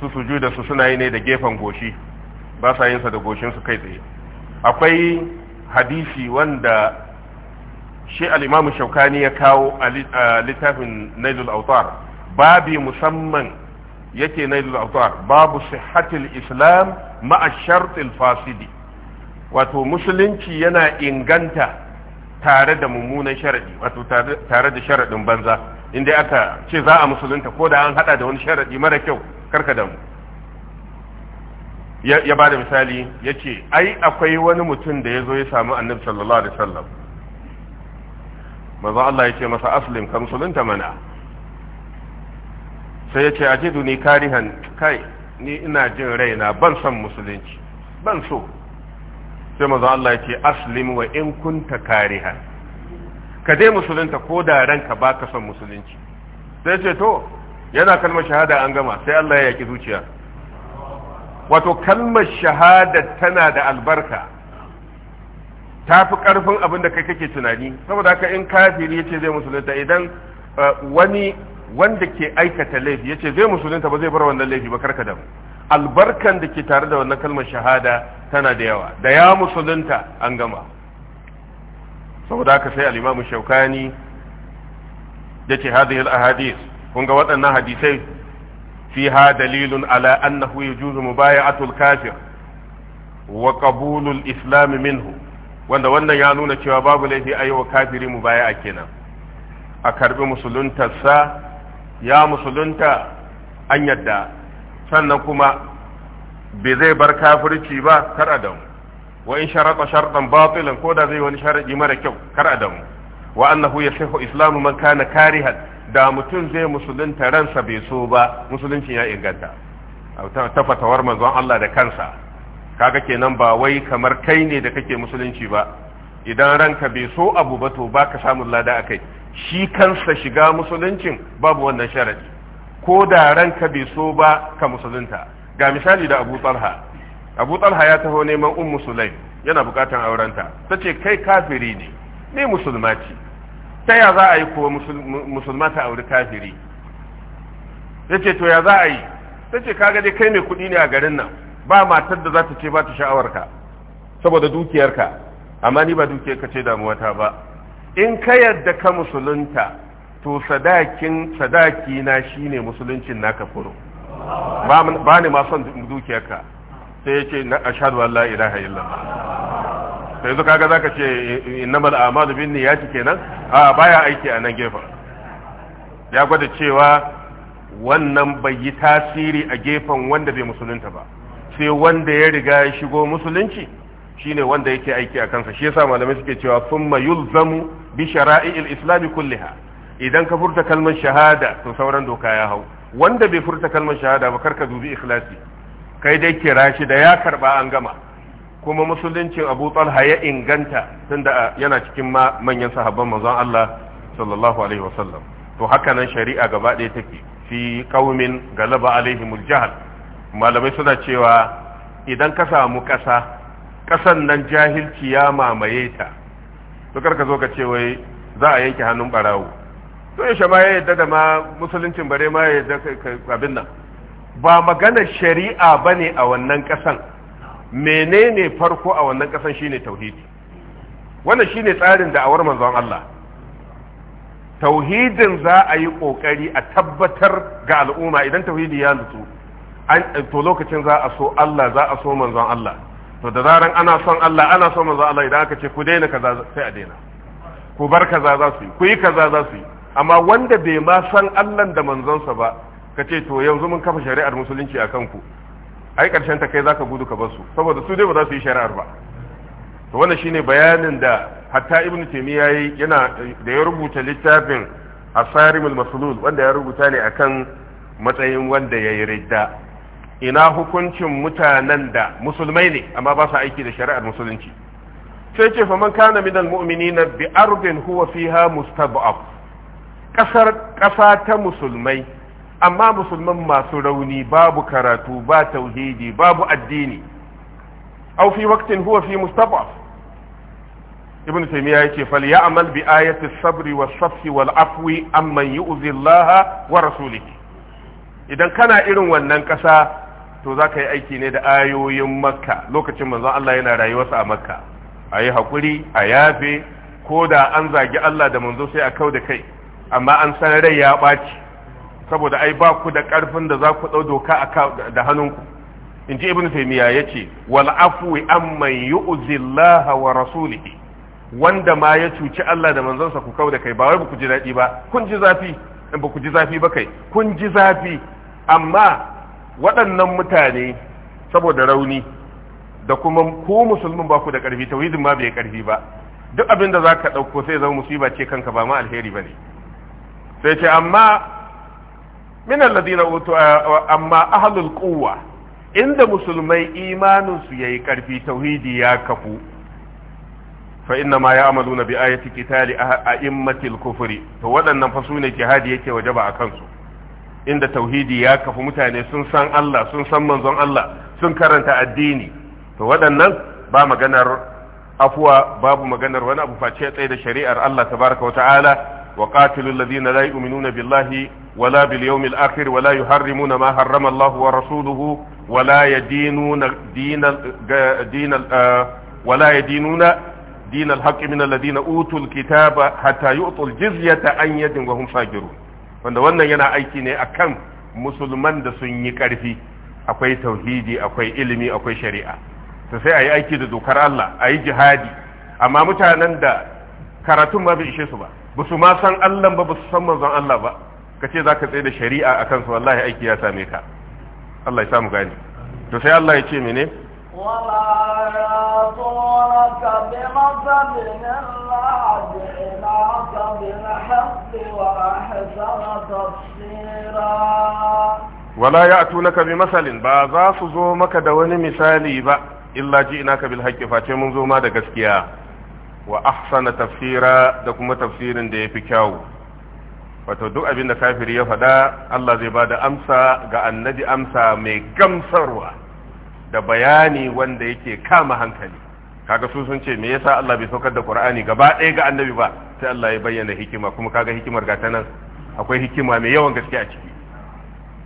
[SPEAKER 1] su sujuda su suna yi ne da gefen goshi ba sa yin sa da goshinsu kai tsaye akwai hadisi wanda shi al Shaukani ya kawo a littafin Nailul Awtar babi musamman yake Nailul Awtar babu sihhatil Islam ma'a fasidi wato musulunci yana inganta tare da mummunan sharadi wato tare da sharadin banza inda aka ce za a musulunta ko da an hada da wani sharadi mara kyau karka damu ya ba da misali ya ce ai akwai wani mutum da ya zo ya sami annabi sallallahu alaihi wasallam maza Allah ya ce masa aslim ka musulunta mana sai ya ce a ajidu ni karihan kai ni ina jin raina ban son musulunci ban so sai maza Allah ya ce aslim wa in kunta karihan ka je musulunta ko da ranka ka son musulunci sai ce to yana kalmar shahada an gama sai Allah ya yaki zuciya wato kalmar shahada tana da albarka ta fi karfin abin da kai kake tunani saboda haka in kafiri yace zai musulunta idan uh, wani wanda ke aikata laifi yace zai musulunta ba zai bar wannan laifi ba karka damu albarkan da ke tare da wannan kalmar shahada tana da yawa da ya musulunta an gama saboda haka sai al'imamu imamu shaukani yace hadhihi al-ahadith kun ga waɗannan hadisai fiha dalilun ala annahu yajuzu mubaya'atul kafir wa qabulul islam minhu wanda wannan ya nuna cewa babu laifi a yi wa kafiri mubaya'a kenan a karbi musuluntarsa ya musulunta an yadda sannan kuma bai zai bar kafirci ba kar adam wa in sharata shartan batilan ko da zai wani sharadi mara kyau kar adam wa annahu yasihu islamu man kana karihan da mutum zai musulunta ransa bai so ba musuluncin ya inganta ta fatawar manzon Allah da kansa kaga kenan ba wai kamar kai ne da kake musulunci ba idan ranka bai so abu ba to baka samun lada a kai shi kansa shiga musuluncin babu wannan sharadi ko da ranka bai so ba ka musulunta ga misali da Abu Talha Abu Talha ya taho neman ummu Sulaim yana bukatan aurenta ce kai kafiri ne ne musulma ce ta ya za a yi kuwa musulma ta auri kafiri ya ce to ya za a yi ta ce kaga dai kai mai kuɗi ne a garin nan ba matar da za ta ce ba ta sha'awarka saboda dukiyarka amma ni ba dukiyarka ce damuwata ba in ka yadda ka musulunta to sadakin sadaki na shine musuluncin naka furo ba ni ma son dukiyarka sai ya ce na ashadu allah la ilaha illallah to yanzu kaga zaka ce innamal a'malu niyyati kenan a baya aiki a nan gefen ya gwada cewa wannan bai yi tasiri a gefen wanda bai musulunta ba sai wanda ya riga ya shigo musulunci shine wanda yake aiki a kansa shi yasa malamai suke cewa thumma yulzamu bi shara'il islam kulliha idan ka furta kalmar shahada to sauran doka ya hau wanda bai furta kalmar shahada ba karka dubi ikhlasi kai dai kira shi da ya karba an gama kuma musuluncin abu talha ya inganta tunda yana cikin manyan sahabban manzon Allah sallallahu alaihi wasallam to haka nan shari'a gaba ɗaya take fi qaumin galaba alaihimul jahl malamai suna cewa idan ka samu ƙasa ƙasan nan jahilci ya mamaye ta to karka zo ka ce wai za a yanke hannun barawo to yaushe ma ya yadda da ma musuluncin bare ma ya yadda abin nan ba magana shari'a bane a wannan ƙasan menene farko a wannan kasan shine tauhidi wannan shine tsarin da'awar manzon Allah tauhidin za a yi kokari a tabbatar ga al'umma idan tauhidi ya nutsu to lokacin za a so Allah za a so manzon Allah to da zaran ana son Allah ana son manzon Allah idan aka ce ku daina kaza sai a daina ku bar kaza za su yi ku yi kaza za su yi amma wanda bai ma san Allah da manzonsa ba ka ce to yanzu mun kafa shari'ar musulunci a kanku ai karshen ta kai zaka gudu ka bar su saboda su dai ba za su yi shari'ar ba to wannan shine bayanin da hatta ibn taymiya yayi yana da ya rubuta littafin asarimul maslul wanda ya rubuta ne akan matsayin wanda yayi ridda ina hukuncin mutanen da musulmai ne amma ba su aiki da shari'ar musulunci sai ce faman kana minal mu'minina bi ardin huwa fiha mustab'af kasar kasa ta musulmai amma musulman masu rauni babu karatu ba tauhidi babu addini aw fi waqtin huwa fi mustadaf ibn taymiya yace fal ya'mal bi ayati sabri was safi wal afwi amman yu'zi Allah wa rasulihi idan kana irin wannan kasa to zaka yi aiki ne da ayoyin makka lokacin manzon Allah yana rayuwarsa a makka ayi hakuri a yafe ko da an zagi Allah da manzo sai a kau da kai amma an san rai ya ɓaci saboda ai ba ku da ƙarfin da za ku ɗau doka da hannunku in ji ibn taymiya ya ce wal an man yu'zi Allah wa rasulihi wanda ma ya cuci Allah da manzonsa ku kau da kai ba wai ba ku ji daɗi ba kun ji zafi in ba ku ji zafi ba kai kun ji zafi amma waɗannan mutane saboda rauni da kuma ku musulmin ba ku da ƙarfi tauhidin ma bai ƙarfi ba duk abin da za ka ɗauko sai zama musiba ce kanka ba ma alheri ba ne sai ce amma min alladhina utu amma ahlul quwwa inda musulmai imanin su yayi karfi tauhidi ya kafu fa inna ma ya'maluna bi ayati qitali a'immatil kufri to waɗannan fa sune jihadi yake wajaba a kansu inda tauhidi ya kafu mutane sun san Allah sun san manzon Allah sun karanta addini to waɗannan ba maganar afuwa babu maganar wani abu face tsaye da shari'ar Allah tabaraka wa وقاتلوا الذين لا يؤمنون بالله ولا باليوم الآخر ولا يحرمون ما حرم الله ورسوله ولا يدينون دين دين ولا يدينون دين الحق من الذين أوتوا الكتاب حتى يؤتوا الجزية عن يد وهم wanda wannan yana aiki ne akan musulman da sun yi ƙarfi akwai tauhidi akwai ilimi akwai shari'a to sai a yi aiki da dokar Allah a yi jihadi amma mutanen da karatun ba bai ishe su ba ba su ma san Allah ba ba su san manzon Allah ba ka ce za ka tsaye da shari'a a kansu wallahi aiki ya same ka Allah ya samu gani to sai Allah ya ce mene
[SPEAKER 2] ولا يعطونك بمثل إلا جئناك بالحق وأحسن da
[SPEAKER 1] ولا يأتونك بمثل بعضا سزومك دون مثالي با إلا جئناك بالحق فاتي منذ da gaskiya. wa ahsana tafsira da kuma tafsirin da ya fi kyawu wato duk abin da kafiri ya faɗa Allah zai ba da amsa ga annabi amsa mai gamsarwa da bayani wanda yake kama hankali kaga su sun ce me yasa Allah bai saukar da Qur'ani gaba ɗaya ga annabi ba sai Allah ya bayyana hikima kuma kaga hikimar ga ta nan akwai hikima mai yawan gaske a ciki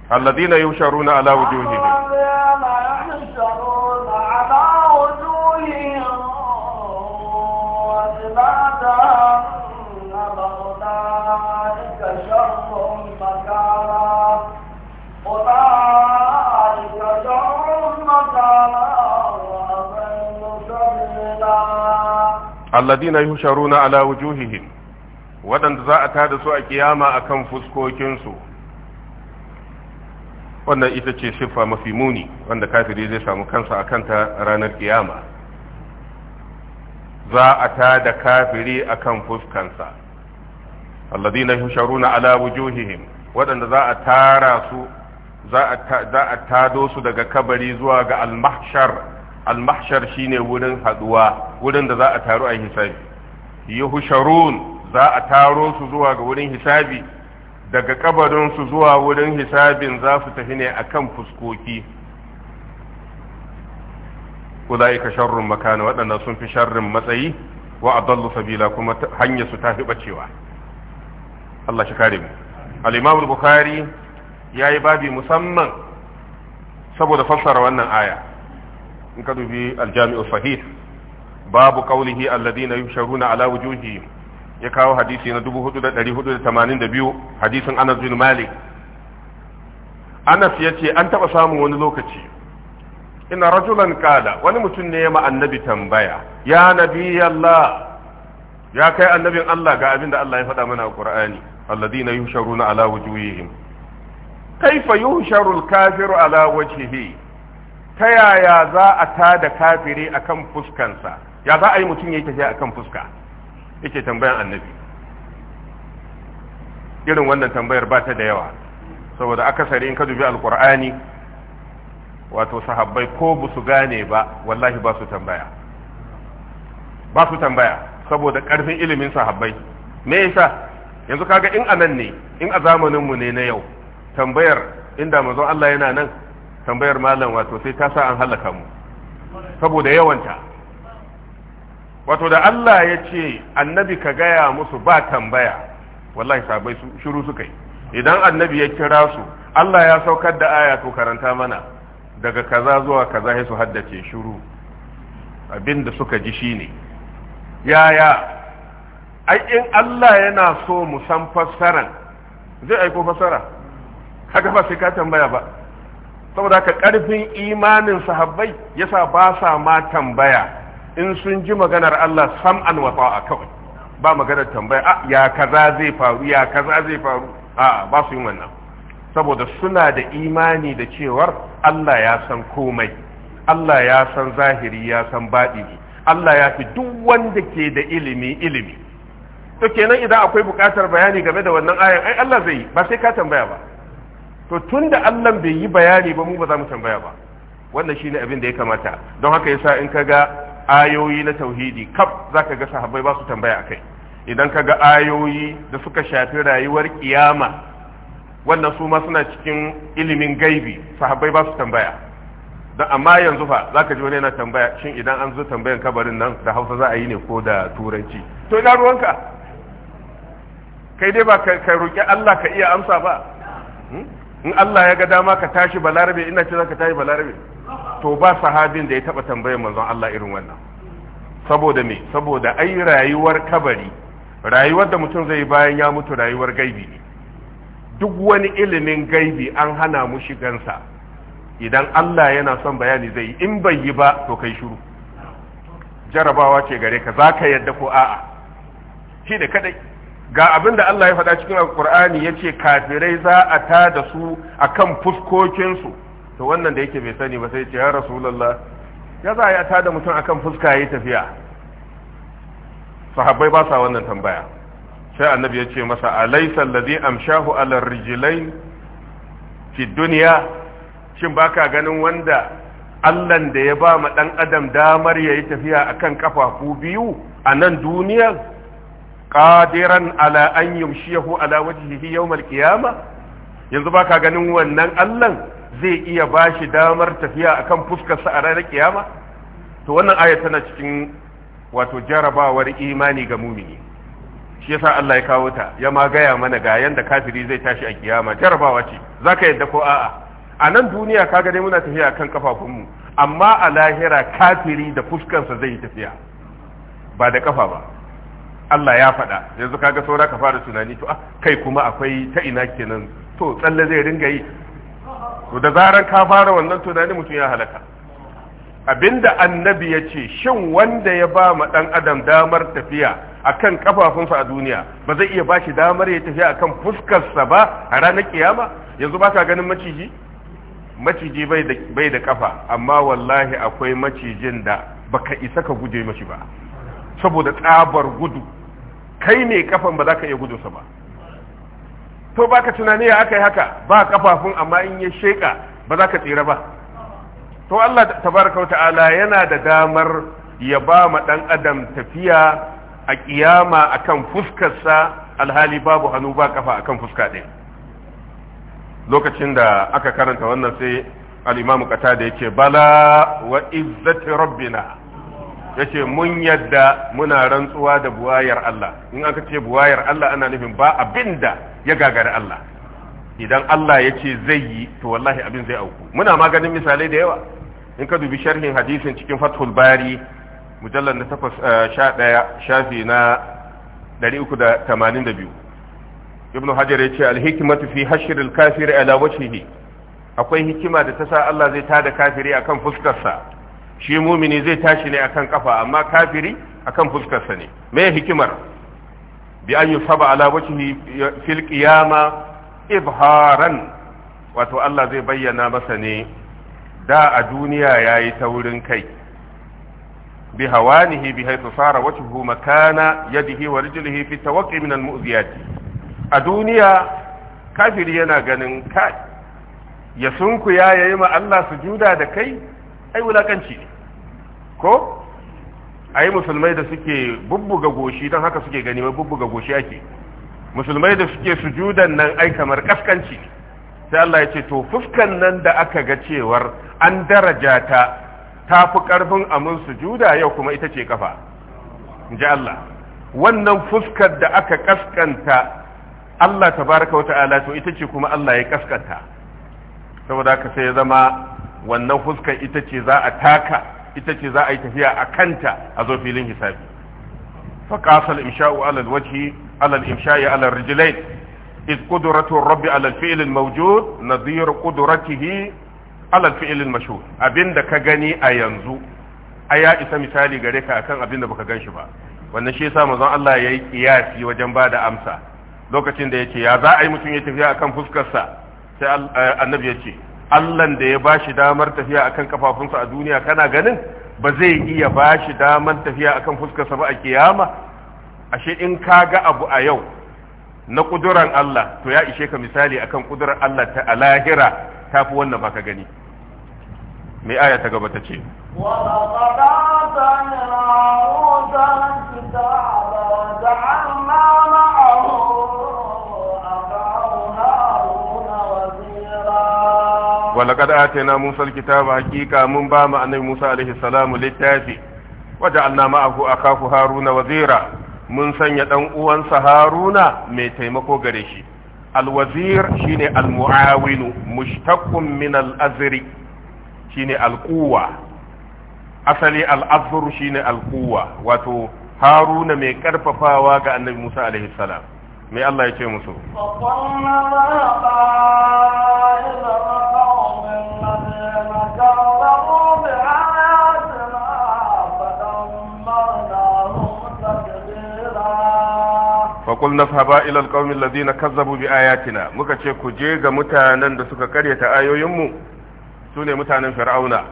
[SPEAKER 1] alladhina yusharuna ala wujuhihim alladina yusharuna ala wujuhihim waɗanda za a tada su a kiyama kan fuskokinsu wannan ita ce siffa mafi muni wanda kafiri zai samu kansa a kanta ranar kiyama za a tada kafiri a kan fuskansa alladina yusharuna ala wujuhihim waɗanda za a tara su za a tado su daga kabari zuwa ga almahshar almahshar mahshar shine wurin haduwa wurin da za a taru a hisabi yuhsharun za a taro su zuwa ga wurin hisabi daga kabarin su zuwa wurin hisabin za su tafi ne akan fuskoki ku za ulaika sharrun makana waɗannan sun fi sharrin matsayi wa adallu sabila kuma hanyar su tafi bacewa Allah shi kare mu al-Imam al-Bukhari yayi babi musamman saboda fassara wannan aya in ka dubi aljami'u sahih babu qaulihi alladhina yusharuna ala wujuhihim ya kawo hadisi na 4482 hadisin Anas bin Malik Anas ya ce an taba samun wani lokaci ina rajulan kala wani mutum ne ma annabi tambaya ya nabi Allah ya kai annabin Allah ga abin da Allah ya faɗa mana a ƙurani alladhina yusharuna ala wujuhihim kaifa yusharu al-kafiru ala wajhihi ta yaya za a ta da kafiri a kan fuskansa ya za a yi mutum ya yi tafiya a kan fuska yake tambayan annabi irin wannan tambayar ba ta da yawa saboda akasari in ka dubi alkur'ani wato sahabbai ko ba su gane ba wallahi ba su tambaya ba su tambaya saboda karfin ilimin sahabbai me yasa yanzu kaga in anan ne in a zamaninmu ne na yau tambayar inda manzon Allah yana nan tambayar malam wato sai ta sa an halaka mu saboda yawanta wato da Allah ya ce annabi ka gaya musu ba tambaya wallahi sabai shiru suka yi idan annabi ya kira su Allah ya saukar da aya to karanta mana daga kaza zuwa kaza sai su haddace shiru abinda suka ji shine yaya ai in Allah yana so mu san fassara zai aiko fassara kaga ba sai ka tambaya ba saboda haka karfin imanin sahabbai yasa ba sa ma tambaya in sun ji maganar Allah sam'an wa ta'a kawai ba maganar tambaya a ah, ya kaza zai faru ya kaza zai faru a ba su yin wannan saboda suna da imani da cewar Allah ya san komai Allah ya san zahiri ya san baɗini Allah ya fi duk wanda ke da ilimi ilimi to kenan idan akwai buƙatar bayani game da wannan ayan ai Allah zai ba sai ka tambaya ba to tun da Allah bai yi bayani ba mu ba za mu tambaya ba wannan shine abin da ya kamata don haka yasa in kaga ayoyi na tauhidi kaf zaka ga sahabbai ba su tambaya akai idan kaga ayoyi da suka shafi rayuwar kiyama wannan su ma suna cikin ilimin gaibi sahabbai ba su tambaya don amma yanzu fa zaka ji wani yana tambaya shin idan an zo tambayan kabarin nan da Hausa za a yi ne ko da turanci to ina ruwanka kai dai ba ka roki Allah ka iya amsa ba hmm? in Allah ya ga dama ka tashi balarabe ina ce zaka tashi balarabe to ba sahabin da ya taba tambayar manzon Allah irin wannan saboda me saboda ai rayuwar kabari rayuwar da mutum zai bayan ya mutu rayuwar gaibi ne duk wani ilimin gaibi an hana mu shigansa idan Allah yana son bayani zai yi in bai yi ba to kai shiru jarabawa ce gare ka zaka yadda ko a'a shi da kadai ga abin da Allah ya faɗa cikin alkur'ani ya ce kafirai za a ta da su a kan fuskokinsu to wannan da yake bai sani ba sai ce ya rasulallah ya za a yi a da mutum a kan fuska ya tafiya sahabbai ba sa wannan tambaya sai annabi ya ce masa alaisa alladhi amshahu ala rijlain fi duniya shin baka ganin wanda Allahn da ya ba ma dan adam damar yayi tafiya akan kafafu biyu a nan duniyar qadiran ala an yumshiyahu ala wajhihi yawm al-qiyama yanzu baka ganin wannan Allah zai iya bashi damar tafiya akan fuskarsa a ranar kiyama to wannan aya tana cikin wato jarabawar imani ga mumini shi yasa Allah ya kawo ta ya ma gaya mana ga yanda kafiri zai tashi a kiyama jarabawa ce zaka yadda ko a'a a nan duniya ka dai muna tafiya kan kafafunmu amma a lahira kafiri da fuskarsa zai tafiya ba da kafa ba Allah ya faɗa yanzu kaga saura ka fara tunani to ah, kai kuma akwai ta ina kenan to tsalle zai ringa yi to da zaran ka fara wannan tunani mutum ya halaka abinda annabi ya ce shin wanda ya ba ma dan adam damar tafiya akan kafafunsa a duniya ba zai iya bashi damar ya tafiya akan fuskarsa ba a ranar kiyama yanzu ba ka ganin maciji maciji bai da kafa amma wallahi akwai macijin da baka isa ka guje mashi ba saboda tsabar gudu kai ne kafan ba za ka iya gudu sa ba to baka tunani ya aka yi haka ba kafafun amma in ya sheka ba za ka tsira ba to Allah tabaraka ta'ala yana da damar ya ba ma dan adam tafiya a kiyama akan fuskarsa alhali babu hannu ba kafa akan fuska ɗin lokacin da aka karanta wannan sai al kata qatada yake bala wa izzati rabbina yace mun yadda muna rantsuwa da buwayar Allah in aka ce buwayar Allah ana nufin ba da ya gagari Allah idan Allah ya ce zai yi to wallahi abin zai auku muna maganin misalai da yawa in ka dubi sharhin hadisin cikin fathul bari mujallar na takwas eh, sha daya shafi na ɗari uku da tamanin da biyu ibnu hajar ya ce alhikimatu fi hashiril kafiri ala wajhihi akwai hikima da ta sa Allah zai tada kafiri akan fuskarsa shi mumini zai tashi ne akan kafa amma kafiri akan fuskarsa ne me hikimar bi an saba ala wacce fil qiyama ibharan wato Allah zai bayyana masa ne da a duniya yayi wurin kai bi hawanihi bi haythu sara wajhu makana yadihi wa rijlihi fi tawaqqi min al mu'ziyati a duniya kafiri yana ganin kai ya sunku ya yayi ma Allah sujuda da kai ai wulakanci ne ko ai musulmai da suke bubbuga goshi don haka suke gani mai bubbuga goshi ake musulmai da suke sujudan nan ai kamar kaskanci ne sai Allah ya ce to fuskan nan da aka ga cewar an daraja ta ta fi karfin amin sujuda yau kuma ita ce kafa inji Allah wannan fuskar da aka kaskanta Allah tabaraka wa ta'ala to ita ce kuma Allah ya kaskanta saboda haka sai ya zama wannan fuskar ita ce za a taka ita ce za a yi tafiya a kanta a zo filin hisabi fa qasal imsha'u ala alwajhi ala alimsha'i ala arrijlayn iz qudratu rabbi ala alfi'l almawjud nadhir qudratihi ala alfi'l almashhur abinda ka gani a yanzu aya isa misali gare ka akan abinda baka gan shi ba wannan shi yasa manzon Allah yayi kiyasi wajen bada amsa lokacin da yake ya za a yi mutum ya tafiya akan fuskar sa sai eh, annabi ya ce Allahn da ya ba shi damar tafiya akan kafafunsa a duniya kana ganin ba zai iya ba shi damar tafiya akan fuskarsa ba a kiyama ashe in ka ga abu a yau na kuduran Allah to ya ishe ka misali akan kudurar Allah ta alahira tafi wannan baka gani mai aya ta gaba ta ce
[SPEAKER 2] وَلَقَدْ ولقد
[SPEAKER 1] آتينا موسى الكتاب حقيقة من بام أن موسى عليه السلام للتافي وجعلنا معه أخاه هارون وزيرا من سنة أن هارون ميتيمكو قريشي الوزير شيني المعاون مشتق من الأزر شيني القوة أصلي الأزر شيني القوة وتو هارون ميكرففاوا كأن موسى عليه السلام me Allah ya ce musu فقلنا اذهبا إلى القوم الذين كذبوا بآياتنا muka ce ku je ga mutanen da suka karyata ayoyinmu sune mutanen fir'auna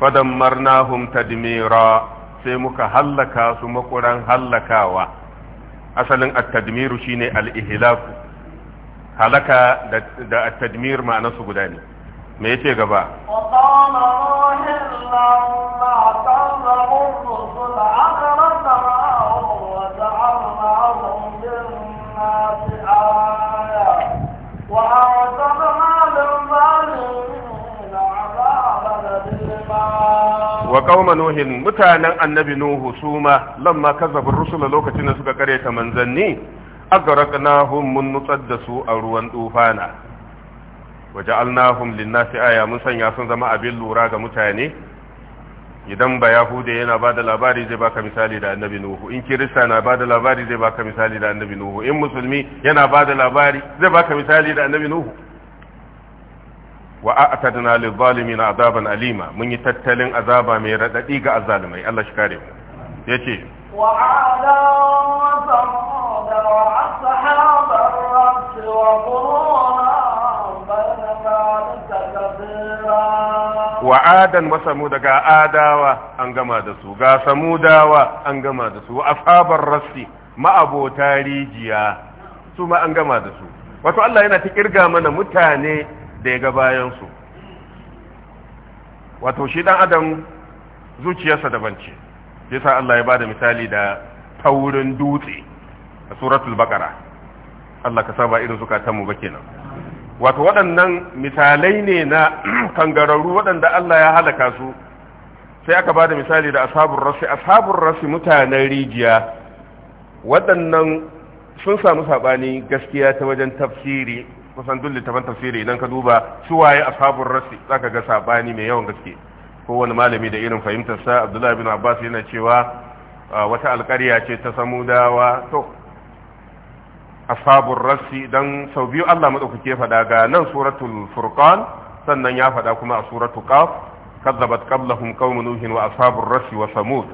[SPEAKER 1] fadammarnahum tadmira sai muka hallaka su makuran hallakawa asalin at-tadmiru shine al-ihlak halaka da at-tadmir su guda ne me yace gaba
[SPEAKER 2] وأعتقنا للظالمين wa qauma
[SPEAKER 1] nuhin mutanen annabi nuhu suma lamma kazzabu rusula lokacin da suka kareta manzanni aghraqnahum mun nutsar da su a ruwan tufana waja'alnahum lin-nasi aya mun sanya sun zama abin lura ga mutane idan ba yahude yana ba da labari zai baka misali da annabi nuhu in kirista na ba da labari zai baka misali da annabi nuhu in musulmi yana ba da labari zai baka misali da annabi nuhu wa a'tadna lil zalimin azaban alima mun yi tattalin azaba mai radadi ga azzalimai Allah shi kare mu yace
[SPEAKER 2] wa ala wa samud wa ashab ar-rabb wa quruna bayna dhalika kabira wa
[SPEAKER 1] adan wa samud ga adawa an gama da su ga samudawa an gama da su ashabar rasi ma'abota rijiya su ma an gama da su wato Allah yana ta kirga mana mutane da ya ga bayansu wato shi dan adam zuciyarsa daban ce yasa Allah ya bada misali da taurin dutse a suratul baqara Allah ka saba irin zukatan mu ba kenan wato waɗannan misalai ne na kangararru waɗanda Allah ya halaka su sai aka bada misali da ashabur rasi ashabur rasi mutanen rijiya waɗannan sun samu sabani gaskiya ta wajen tafsiri kusan duk littafan tafsiri idan ka duba su waye ashabur rasi zaka ga sabani mai yawan gaske kowane malami da irin fahimtarsa Abdullahi bin Abbas yana cewa wata alƙarya ce ta dawa to ashabur rasi dan sau biyu Allah madaukake faɗa ga nan suratul furqan sannan ya faɗa kuma a suratul qaf kazzabat qablahum qaumun nuhin wa ashabur rasi wa samud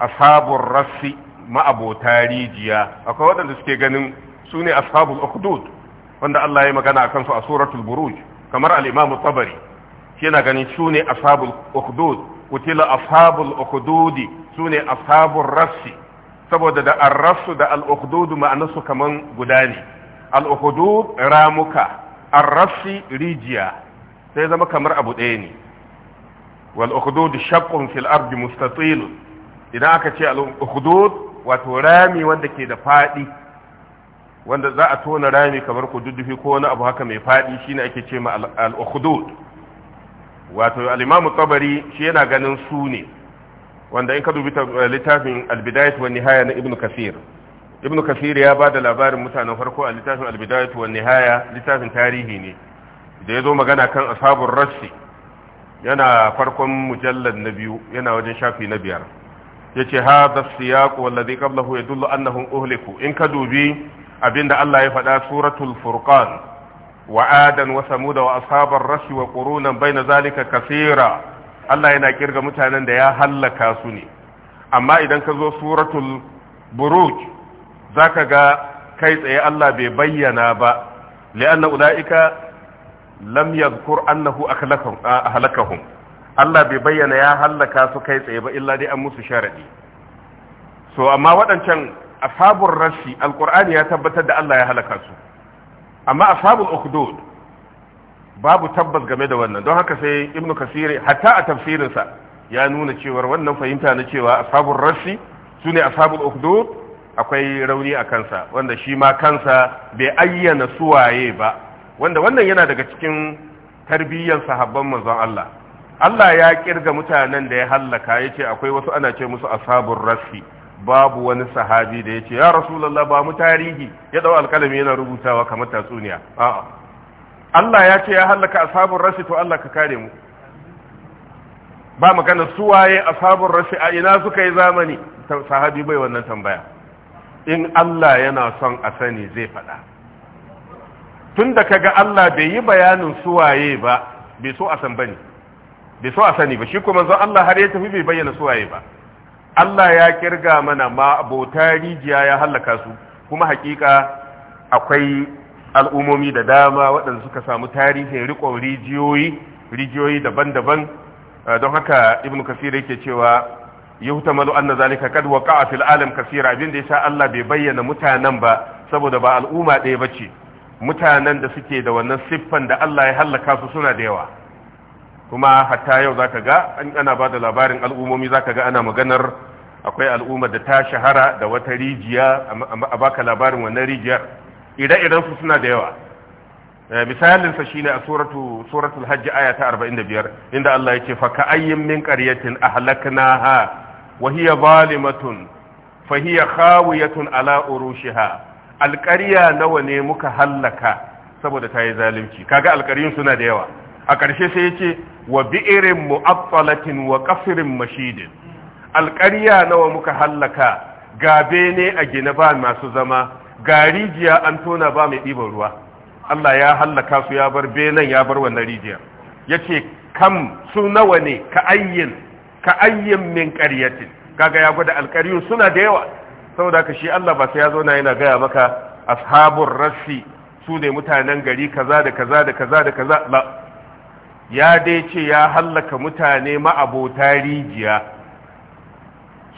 [SPEAKER 1] ashabur rasi ma'abota rijiya akwai waɗanda suke ganin su ne ashabul ukhdud wanda Allah ya magana a kansu a suratul buruj kamar al-imam tabari yana ganin su ne ashabul ukhdud kutila ashabul ukhdudi su ne ashabul rafsi saboda da ar da al-ukhdud ma'anarsu kaman guda ne al-ukhdud ramuka ar rijiya sai zama kamar abu ɗaya ne wal ukhdud shaqqun fil ardi mustatil idan aka ce al ukhdud wato rami wanda ke da fadi wanda za a tona rami kamar kududdufi ko wani abu haka mai faɗi shine ake ce ma al-ukhdud wato al-imam tabari shi yana ganin su ne wanda in ka dubi eh, littafin al-bidayat wa nihaya na ibnu kasir ibnu kasir ya da labarin mutanen farko a littafin al-bidayat wa nihaya littafin tarihi ne da ya zo magana kan ashabur Rasi yana farkon mujallad na biyu yana wajen shafi na biyar yace hadha as-siyaq wallazi qablahu yadullu annahum uhliku in ka dubi abinda Allah ya faɗa suratul furqan wa adan wa samuda wa ashabar rashi wa qurunan baina zalika kaseera Allah yana kirga mutanen da ya hallaka su ne amma idan ka zo suratul buruj zaka ga kai tsaye Allah bai bayyana ba li'anna ulaika lam yadhkur annahu ahlakahum Allah bai bayyana ya hallaka su kai tsaye ba illa dai an musu sharadi so amma waɗancan ashabul rashi alqur'ani ya tabbatar da Allah ya halaka su amma ashabul ukhdud babu tabbas game da wannan don haka sai ibnu kasiri hatta a tafsirin sa ya nuna cewa wannan fahimta na cewa ashabul rashi sune ashabul ukhdud akwai rauni a kansa wanda shi ma kansa bai ayyana suwaye ba wanda wannan yana daga cikin tarbiyyar sahabban manzon Allah Allah ya kirga mutanen da ya hallaka yace akwai wasu ana ce musu ashabul rashi babu wani sahabi da ya ce ya rasulallah ba mu tarihi ya dau alkalami yana rubutawa kamar tatsuniya a'a Allah ya ce ya halaka ashabul rasi to Allah ka kare mu ba magana su waye ashabul rasi a ina suka yi zamani sahabi bai wannan tambaya in Allah yana son a sani zai faɗa tun da kaga Allah bai yi bayanin su waye ba bai so a san bane bai so a sani ba shi kuma zan Allah har ya tafi bai bayyana su waye ba Allah ya kirga mana ma abota rijiya ya hallaka su kuma hakika akwai al'umomi da dama waɗanda suka samu tarihin riƙon rijiyoyi rijiyoyi daban-daban ah, don haka ibn kasir yake cewa yuhtamalu anna zalika kad waqa'a fil alam kasira abin da yasa Allah bai bayyana mutanen ba saboda ba al'umma ɗaya ba ce mutanen da suke da wannan siffan da Allah ya hallaka su suna da yawa kuma hatta yau za ka ga ana ba da labarin al'ummomi ka ga ana maganar akwai al'ummar da ta shahara da wata rijiya a baka labarin wannan rijiyar ire-iren su suna da yawa eh, Misalinsa sa shine a suratu suratul hajj aya ta 45 inda Allah yake fa ka ayyin min qaryatin ahlaknaha wa hiya zalimatun fa hiya khawiyatun ala urushiha alqarya nawa ne muka hallaka saboda ta yi zalunci kaga alqaryun suna da yawa a ƙarshe sai ya ce wa bi'irin mu'affalatin wa kafirin mashidin alƙarya nawa muka hallaka gabe ne a gina ba masu zama ga rijiya an tona ba mai ɗiban ruwa Allah ya hallaka su ya bar benan ya bar wannan rijiya ya ce kam su nawa ne ka ayyin ka ayyin min ƙaryatin kaga ya gwada alƙaryun suna da yawa saboda ka shi Allah ba sai ya zo na yana gaya maka ashabun rassi su ne mutanen gari kaza da kaza da kaza da kaza ya dai ce ya hallaka mutane ma'abota rijiya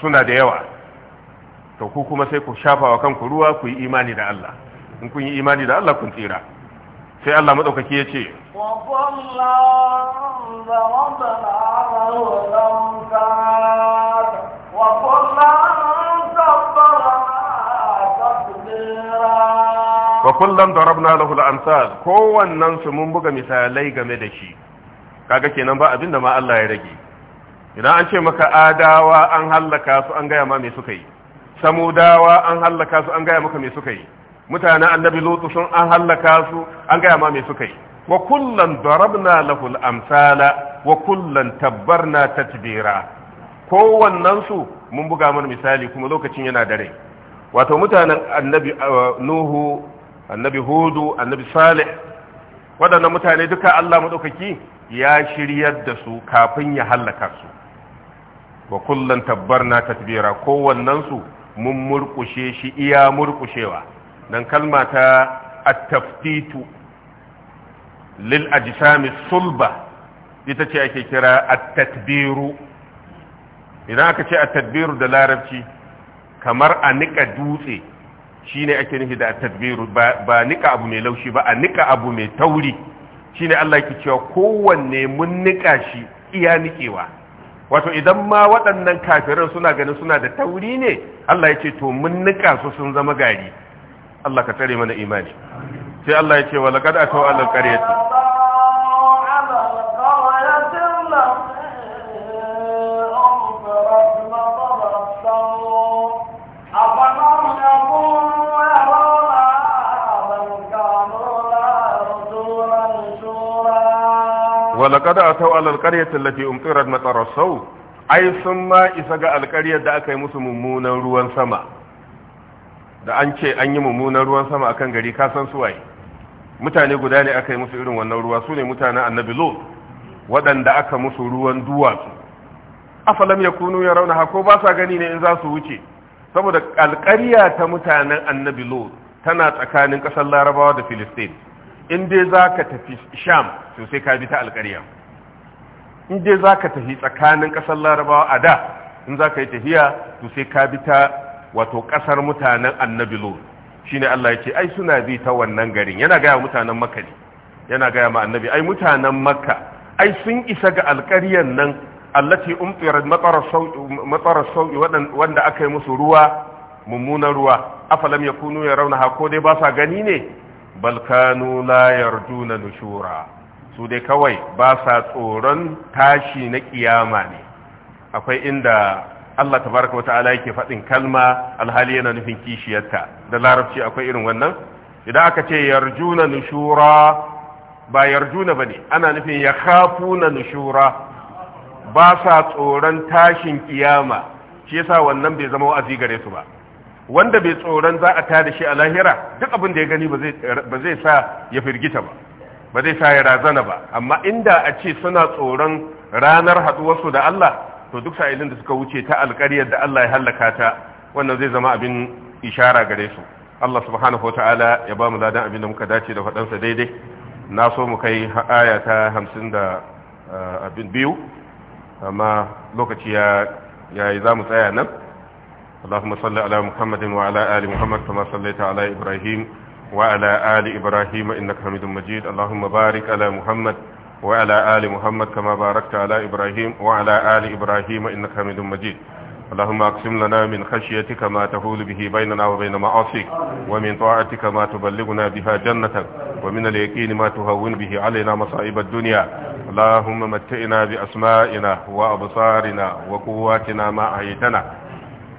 [SPEAKER 1] suna da yawa to ku kuma sai ku shafa wa kanku ruwa ku yi imani da Allah in kun yi imani da Allah kun tsira sai Allah maɗaukaki ya ce wa kullum darabna lahu al-amsal kowannan su mun buga misalai game da shi kaga kenan ba abinda ma Allah ya rage idan an ce maka adawa an hallaka su an gaya ma me suka yi samudawa an hallaka su an gaya maka me suka yi mutanen annabi lutu sun an hallaka su an gaya ma me suka yi wa kullan darabna lahul amsala wa kullan tabbarna tatbira kowannan su mun buga mana misali kuma lokacin yana da rai wato mutanen annabi uh, nuhu annabi hudu annabi salih waɗannan mutane duka Allah maɗaukaki ya shiryar da su kafin ya hallaka su wa kullum tabbar na tatbira kowannensu mun murƙushe shi iya murƙushewa don kalma ta attaftitu lil ajisami sulba ita ce ake kira attatbiru idan aka ce attatbiru da larabci kamar a niƙa dutse shine ake nufi da tadbiru ba nika abu mai laushi ba a nika abu mai tauri shine Allah yake cewa kowanne mun nika shi iya nikewa wato idan ma waɗannan kafirin suna ganin suna da tauri ne Allah yake to mun nika su sun zama gari Allah ka tsare mana imani sai Allah yake wa laqad ataw al qaryati laqad ataw ala alqaryati allati umtirat matara sau. ai sun ma isa ga alƙaryar da aka yi musu mummunan ruwan sama da an ce an yi mummunan ruwan sama akan gari ka san suwaye mutane guda ne aka yi musu irin wannan ruwa su ne mutanen annabi lot waɗanda aka musu ruwan duwatsu afalam ya kunu ya rauna Hako ba sa gani ne in za su wuce saboda alƙarya ta mutanen annabi lot tana tsakanin ƙasar larabawa da filistin in dai za ka tafi sham to sai ka bi ta alƙarya in dai za ka tafi tsakanin ƙasar larabawa a da in za ka yi tafiya to sai ka bi ta wato ƙasar mutanen annabi Shi ne Allah ya ce ai suna bi ta wannan garin yana gaya mutanen makka ne yana gaya ma annabi ai mutanen makka ai sun isa ga alƙaryar nan allati umtirat matsarar sau'i wanda aka yi musu ruwa mummunan ruwa afalam yakunu ha ko dai ba sa gani ne bal kanu la yarjuna nushura su dai kawai ba sa tsoron tashi na kiyama ne akwai inda Allah tabaraka wa ta'ala yake faɗin kalma alhali yana nufin kishiyarta da larabci akwai irin wannan idan aka ce yarjuna nushura ba yarjuna bane ana nufin ya khafuna nushura ba sa tsoron tashin kiyama shi yasa wannan bai zama wa'azi gare su ba wanda bai tsoron za a tada shi a lahira duk abin da ya gani ba zai sa ya firgita ba ba zai sa ya razana ba amma inda a ce suna tsoron ranar haɗuwarsu da Allah to duk sa'ilin da suka wuce ta alƙaryar da Allah ya hallaka ta wannan zai zama abin ishara gare su Allah subhanahu wa ta'ala ya ba mu ladan abin da muka dace da faɗansa daidai na so mu kai aya ta hamsin da eh, abin biyu amma lokaci ya yi za mu tsaya nan اللهم صل على محمد وعلى آل محمد كما صليت على إبراهيم وعلى آل إبراهيم إنك حميد مجيد اللهم بارك على محمد وعلى آل محمد كما باركت على إبراهيم وعلى آل إبراهيم إنك حميد مجيد اللهم اقسم لنا من خشيتك ما تهول به بيننا وبين معاصيك ومن طاعتك ما تبلغنا بها جنتك ومن اليقين ما تهون به علينا مصائب الدنيا اللهم متئنا بأسمائنا وأبصارنا وقواتنا ما أحيتنا